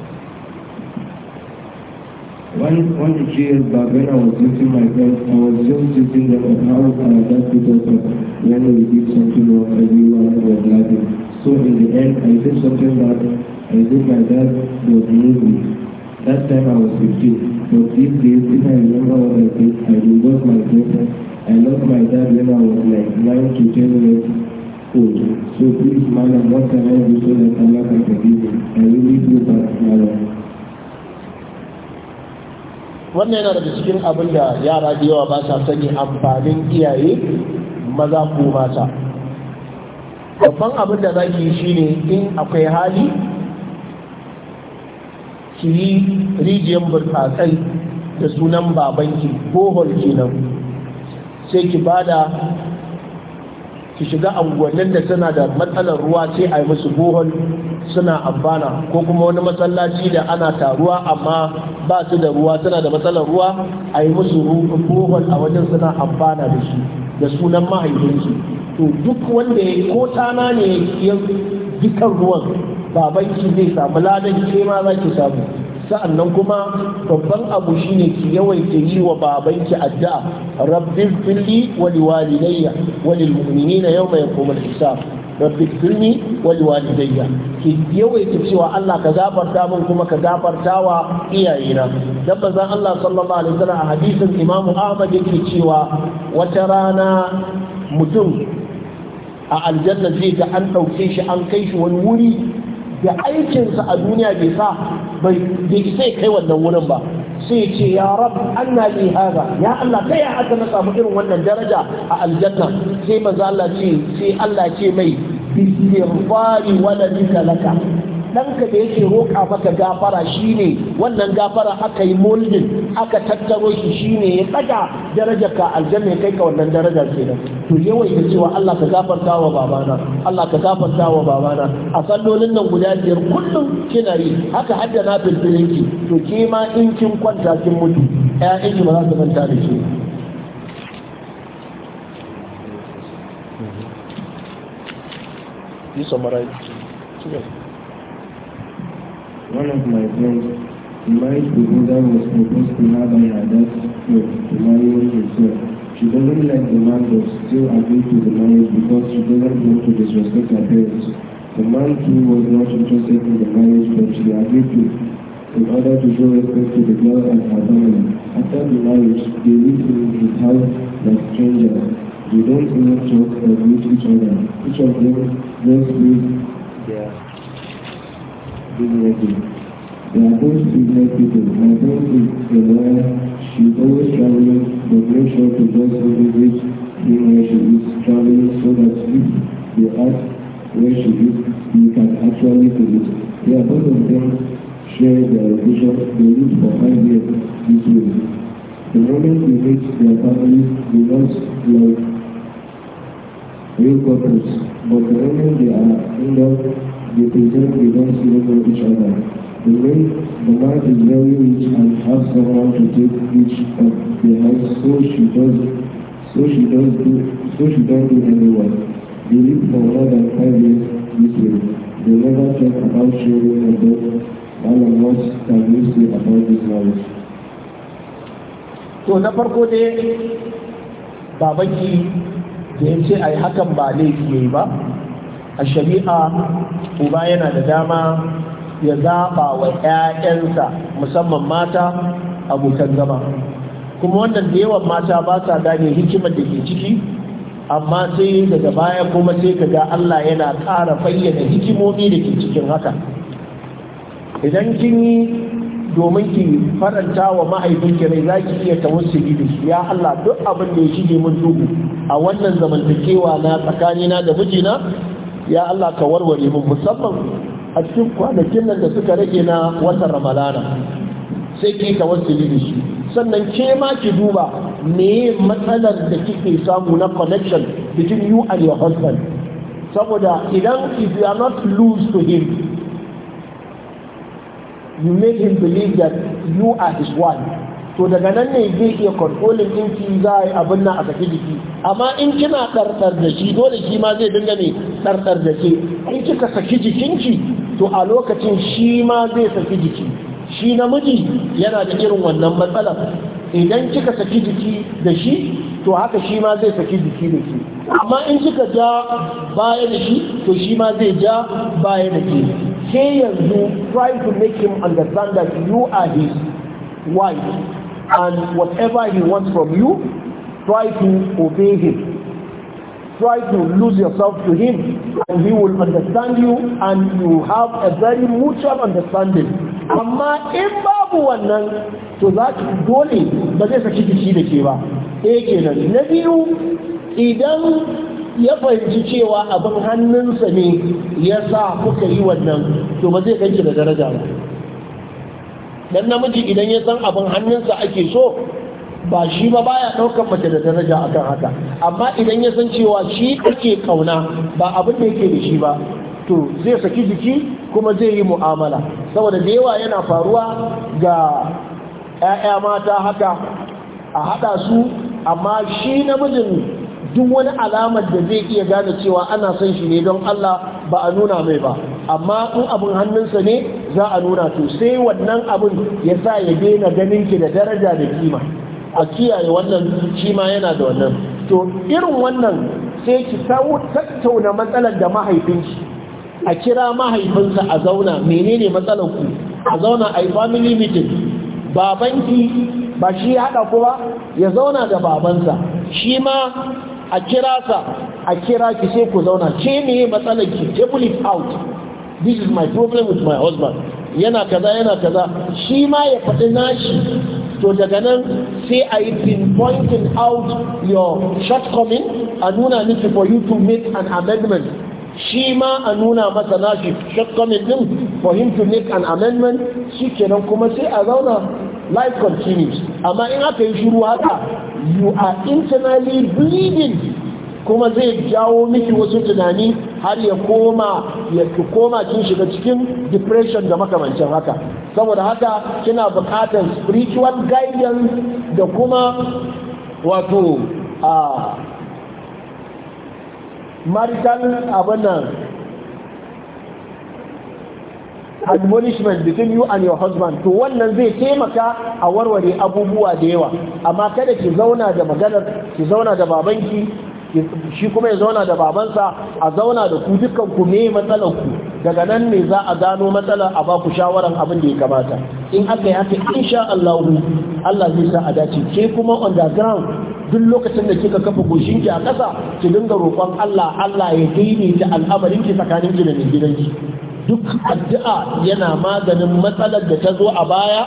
One, one to three years back when I was gifting my friends, I was just gifting them of how our dad did us when we did something wrong everyone was laughing. So in the end, I did something that I did my dad was angry. That time I was if I remember what I did, I divorced my I lost my dad when I was like 9 to 10 years old. So please, madam, what can I do so that Allah can forgive me? I really feel bad, madam. wannan yana daga cikin abin da yara da yawa ba sa sani amfanin iyaye maza ko mata babban abin da za ki yi shine in akwai hali ki yi rijiyar burtsatsai da sunan babanki bohol kenan sai ki bada ki shiga unguwannin da suna da matsalar ruwa sai a yi musu bohol suna amfana ko kuma wani masallaci da ana taruwa amma ba su da ruwa suna da matsalar ruwa a yi musu bohol a wajen suna amfana da shi da sunan mahaifinsu to duk wanda ya ko tana ne ya kan ruwan babanki zai samu ladan ke ma za ki samu sa'annan kuma babban abu shine ki yawaita yi wa babanki addu'a rabbil filli wa liwalidayya wa lil yawma yaqumul hisab rabbil filli wa liwalidayya ki yawaita cewa Allah ka gafarta min kuma ka gafarta wa iyayena dan bazan Allah sallallahu alaihi wasallam a hadisin Imam Ahmad yake cewa wata rana mutum a aljanna zai ga an ɗauke shi an kai shi wani wuri da aikinsa a duniya bai sa bai isa kai wannan wurin ba sai ce ya rab anna li hada ya Allah kai ya aka na samu irin wannan daraja a aljanna sai manzo Allah ce sai Allah ce mai bi istighfari waladika laka ɗanka da yake roƙa maka gafara shine wannan gafara aka yi moldin aka tattaro shi shine ya tsaga darajar ka aljanna kai ka wannan darajar kenan to yawaita cewa Allah ka gafarta wa babana Allah ka gafarta wa babana a sallolin nan guda biyar kullum kina yi haka hadda na ki to ke ma in kin kwanta kin mutu ƴaƴanki ba za su manta da ke one of my friends, the mother was proposed to have an her dad's friend to marry She doesn't like the man but still agreed to the marriage because she doesn't want to disrespect her parents. The man too was not interested in the marriage but she agreed to in order to show respect to the girl and her family. After the marriage, they live in his house like strangers. They don't even talk or meet each other. Each of them goes with their humility. There are those ignorant people, and those is the she always traveling, but make sure to just visit she is traveling so that if they ask where she is, you can actually visit. Yeah, both of them share their location, they live for five this way. The moment they meet their families, they lost real purpose, but the moment they are in love, they pretend they don't see each other. The way the wife is very rich and has someone to take each of the house so she does so she does do so she don't do anyone. They live for more than five years this way. They never talk about children or death. All of us can we say about this marriage. To na farko dai babanki da ya ce ai hakan ba laifi yayi ba a shari'a uba yana da dama ya zaɓa wa 'ya'yansa musamman mata abokan gaba kuma wannan da yawan mata ba sa gane hikimar da ke ciki amma sai daga baya kuma sai ka ga Allah yana ƙara fayyana hikimomi da ke cikin haka idan kin yi domin ki faranta wa mahaifinki rai za ki iya tawassuli da shi ya Allah duk abin da ya shige mun duhu a wannan zamantakewa na tsakanina da mijina ya Allah ka warware mu musamman a cikin kwanakin nan da suka rage na watan ramadana sai ke ka wasu da shi sannan ke ma ki duba me matsalar da kike samu na connection between you and your husband saboda idan if you are not loose to him you make him believe that you are his wife to daga nan ne zai iya kontrolin ɗinki za a yi abin nan a saki jiki amma in kina ɗarɗar da shi dole shi ma zai dinga ne ɗarɗar da ke in kika saki jikinki to a lokacin shi ma zai saki jiki shi namiji yana da irin wannan matsalar idan kika saki jiki da shi to haka shi ma zai saki jiki da ke amma in kika ja baya da shi to shi ma zai ja baya da ke sai yanzu try to make him understand that you are his wife and whatever he wants from you, try to obey him. Try to lose yourself to him and he will understand you and you have a very mutual understanding. Amma in babu wannan to za ki dole ba zai saki jiki da ke ba. Eh kenan. Na biyu idan ya fahimci cewa abin hannunsa ne ya sa kuka yi wannan to ba zai ganki da daraja ba. dan namiji idan ya san abin hannunsa ake so ba shi ba baya ɗaukar mace da daraja akan haka amma idan ya san cewa shi ake ƙauna, ba abin da yake da shi ba to zai saki jiki kuma zai yi mu'amala saboda da yawa yana faruwa ga 'ya'ya mata haka a haɗa su amma shi namijin duk wani alamar da zai iya gane cewa ana son shi ne don Allah ba a nuna mai ba amma in abin hannunsa ne za a nuna to sai wannan abin ya sa ya daina ganin ki da daraja da kima a kiyaye wannan shi ma yana da wannan to irin wannan sai ki samu tattauna matsalar da mahaifinki a kira mahaifinsa a zauna menene matsalar ku a zauna a family meeting babanki ba shi ya haɗa ba? ya zauna da babansa shi ma a kira sa a kira ki sai ku zauna ke ne matsalar ki table it out this is my problem with my husband yana kaza yana kaza shi ma ya faɗi nashi to daga nan sai a yi pinpointing out your shortcoming a nuna niki for you to make an amendment shi ma a nuna masa nashi shortcoming din for him to make an amendment shi kenan kuma sai a zauna life continues amma in aka yi shiru haka you are internally bleeding kuma zai jawo miki wasu tunani har ya koma ya koma kin shiga cikin depression da makamancin haka saboda haka kina bukatar spiritual guidance da kuma wato a ah, marital abin nan admonishment between you and your husband to wannan zai taimaka a warware abubuwa da yawa amma kada ki zauna da maganar ki zauna da babanki shi kuma ya zauna da babansa a zauna da ku dukkan ku me matsalar ku daga nan ne za a gano matsalar a ba ku shawaran abin da ya kamata in aka yi haka insha Allah Allah zai sa a dace ke kuma on the ground duk lokacin da kika kafa ki a ƙasa ki dinga roƙon Allah Allah ya daidaita al'amarin ki tsakanin ki da mai gidanki duk addu'a yana maganin matsalar da ta zo a baya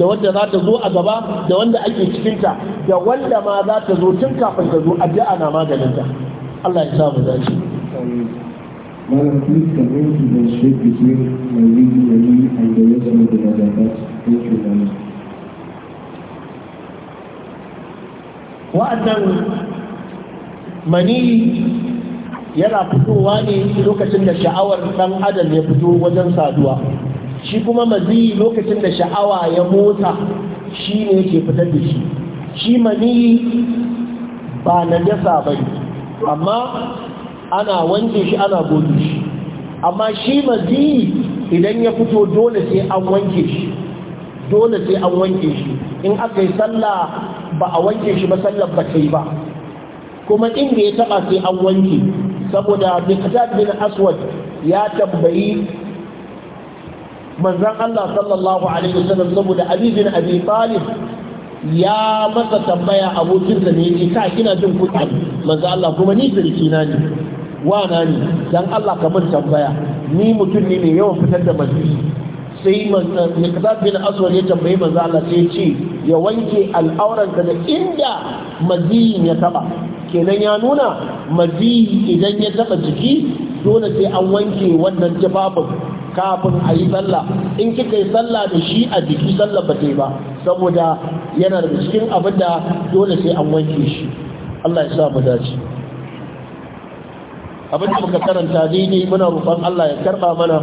da wanda za ta zo a gaba da wanda ake cikinta da wanda ma za ta zo tun kafin ta zo addu'a na maganinta Allah ya sa mu dace Malam please can you differentiate between Mali, Mali and the rest of the Nazakat? Thank ke Malam. Wa'annan mani yana fitowa ne lokacin da sha'awar ɗan adam ya fito wajen saduwa shi kuma mazi lokacin da sha'awa ya mota shi ne ke fitar da shi shi mani ba na jasa ba amma ana wanke shi ana goge shi amma shi mazi idan ya fito dole sai an wanke shi dole sai an wanke shi in aka yi sallah ba a wanke shi ba sallar ba ta yi ba kuma inda ya taba sai an wanke saboda miqdad bin aswad ya tambayi manzon Allah sallallahu alaihi wasallam saboda Ali bin Abi Talib ya masa tambaya abokin da ne yake ka kina jin kuɗi manzo Allah kuma ni sirki na ne na ne dan Allah ka mun tambaya ni mutum ne mai yawan fitar da mazi sai Miqdad bin Aswad ya tambayi manzo Allah sai ya ce ya wanke al'auran da inda mazi ya taba kenan ya nuna mazi idan ya taba jiki dole sai an wanke wannan tufafin kafin a yi sallah in kika yi sallah da shi a jiki sallah ba ba saboda yana da cikin abin da dole sai an wanke shi Allah ya sa mu dace abin da muka karanta daidai muna roƙon Allah ya karba mana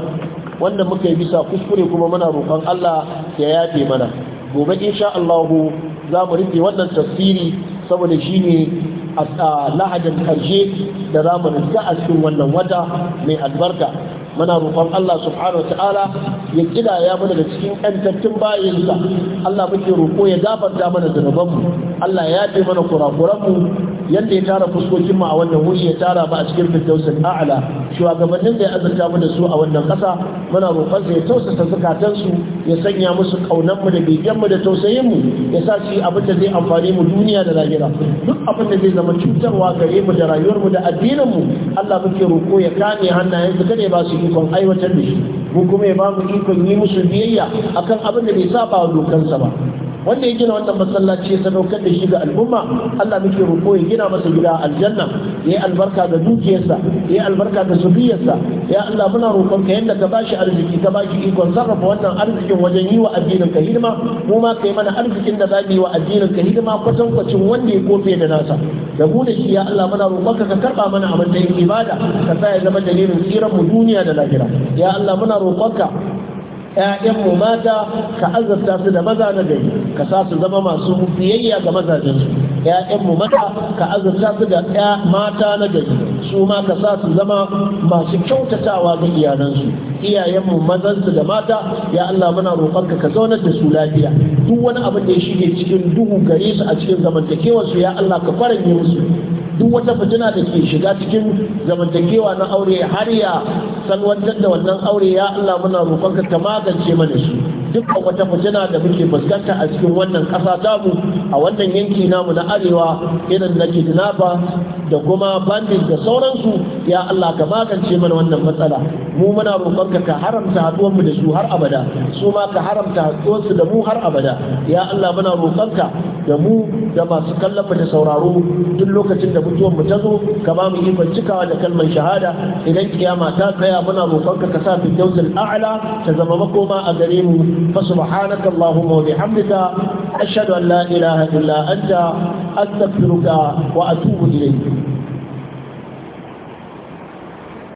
wanda muka yi bisa kuskure kuma muna roƙon Allah ya yafe mana gobe insha Allah za mu rufe wannan tafsiri saboda shine lahadin karshe da za mu rinka a cikin wannan wata mai albarka muna roƙon Allah subhanahu ta'ala ya kida ya mana da cikin ƴantattun bayinsa Allah muke roƙo ya gafarta mana zunubanmu Allah ya yafe mana kurakuranmu yadda ya tara fuskokin mu a wannan wuri ya tara ba a cikin firdausul a'la shugabannin da ya azurta mu da su a wannan ƙasa muna roƙon sa ya tausasa zakatan su ya sanya musu kaunan mu da bibiyan mu da tausayin mu ya sa su abin da zai amfani mu duniya da lahira duk abin da zai zama cutarwa gare mu da rayuwar mu da addinin mu Allah muke roƙo ya kame hannayen su kada ya ba su ikon aiwatar da shi mu kuma ya ba mu ikon yi musu biyayya akan abin da bai saba wa dokansa ba wanda ya gina wannan masallaci ya sadaukar da shi ga al'umma Allah muke roƙo ya gina masa gida aljanna ya yi albarka ga dukiyarsa ya yi albarka ga zuriyarsa ya Allah muna roƙon ka yadda ka shi arziki ka shi ikon sarrafa wannan arzikin wajen yi wa addinin ka hidima mu ma yi mana arzikin da zamu yi wa addinin ka hidima kwatan kwacin wanda ya kofe da nasa da mu da shi ya Allah muna roƙon ka ka karba mana a matsayin ibada ka sa ya zama dalilin tsiran mu duniya da lahira ya Allah muna roƙon ka Ya'yanmu mata ka azabta su da maza na gari ka sa su zama masu biyayya ga mazajensu Ya'yanmu mata ka azabta su da mata na gari su ma ka sa su zama masu kyautatawa ga iyalansu iyayenmu su da mata ya Allah muna roƙonka ka zaunar da su lafiya duk wani abu da ya shige cikin duhu gare su a cikin zamantakewarsu ya Allah ka faranye musu duk wata fitina da ke shiga cikin zamantakewa na aure har ya salwantar da wannan aure ya Allah muna roƙonka ta magance mana shi dukkan wata fitina da muke fuskanta a cikin wannan ƙasa tamu a wannan yanki namu na arewa irin na kidnapper da kuma bandit da sauransu ya Allah ka magance mana wannan matsala mu muna roƙonka ka haramta haɗuwar mu da su har abada su ma ka haramta haɗuwar su da mu har abada ya Allah muna roƙonka da mu da masu kallon mu da sauraro duk lokacin da mutuwar mu ta zo ka ba mu ikon cikawa da kalmar shahada idan kiyama ta tsaya muna roƙonka ka sa fi dawzul a'la ta zama makoma a gare mu fa subhanaka allahumma wa bihamdika ashhadu an la ilaha illa anta astaghfiruka wa atubu ilayk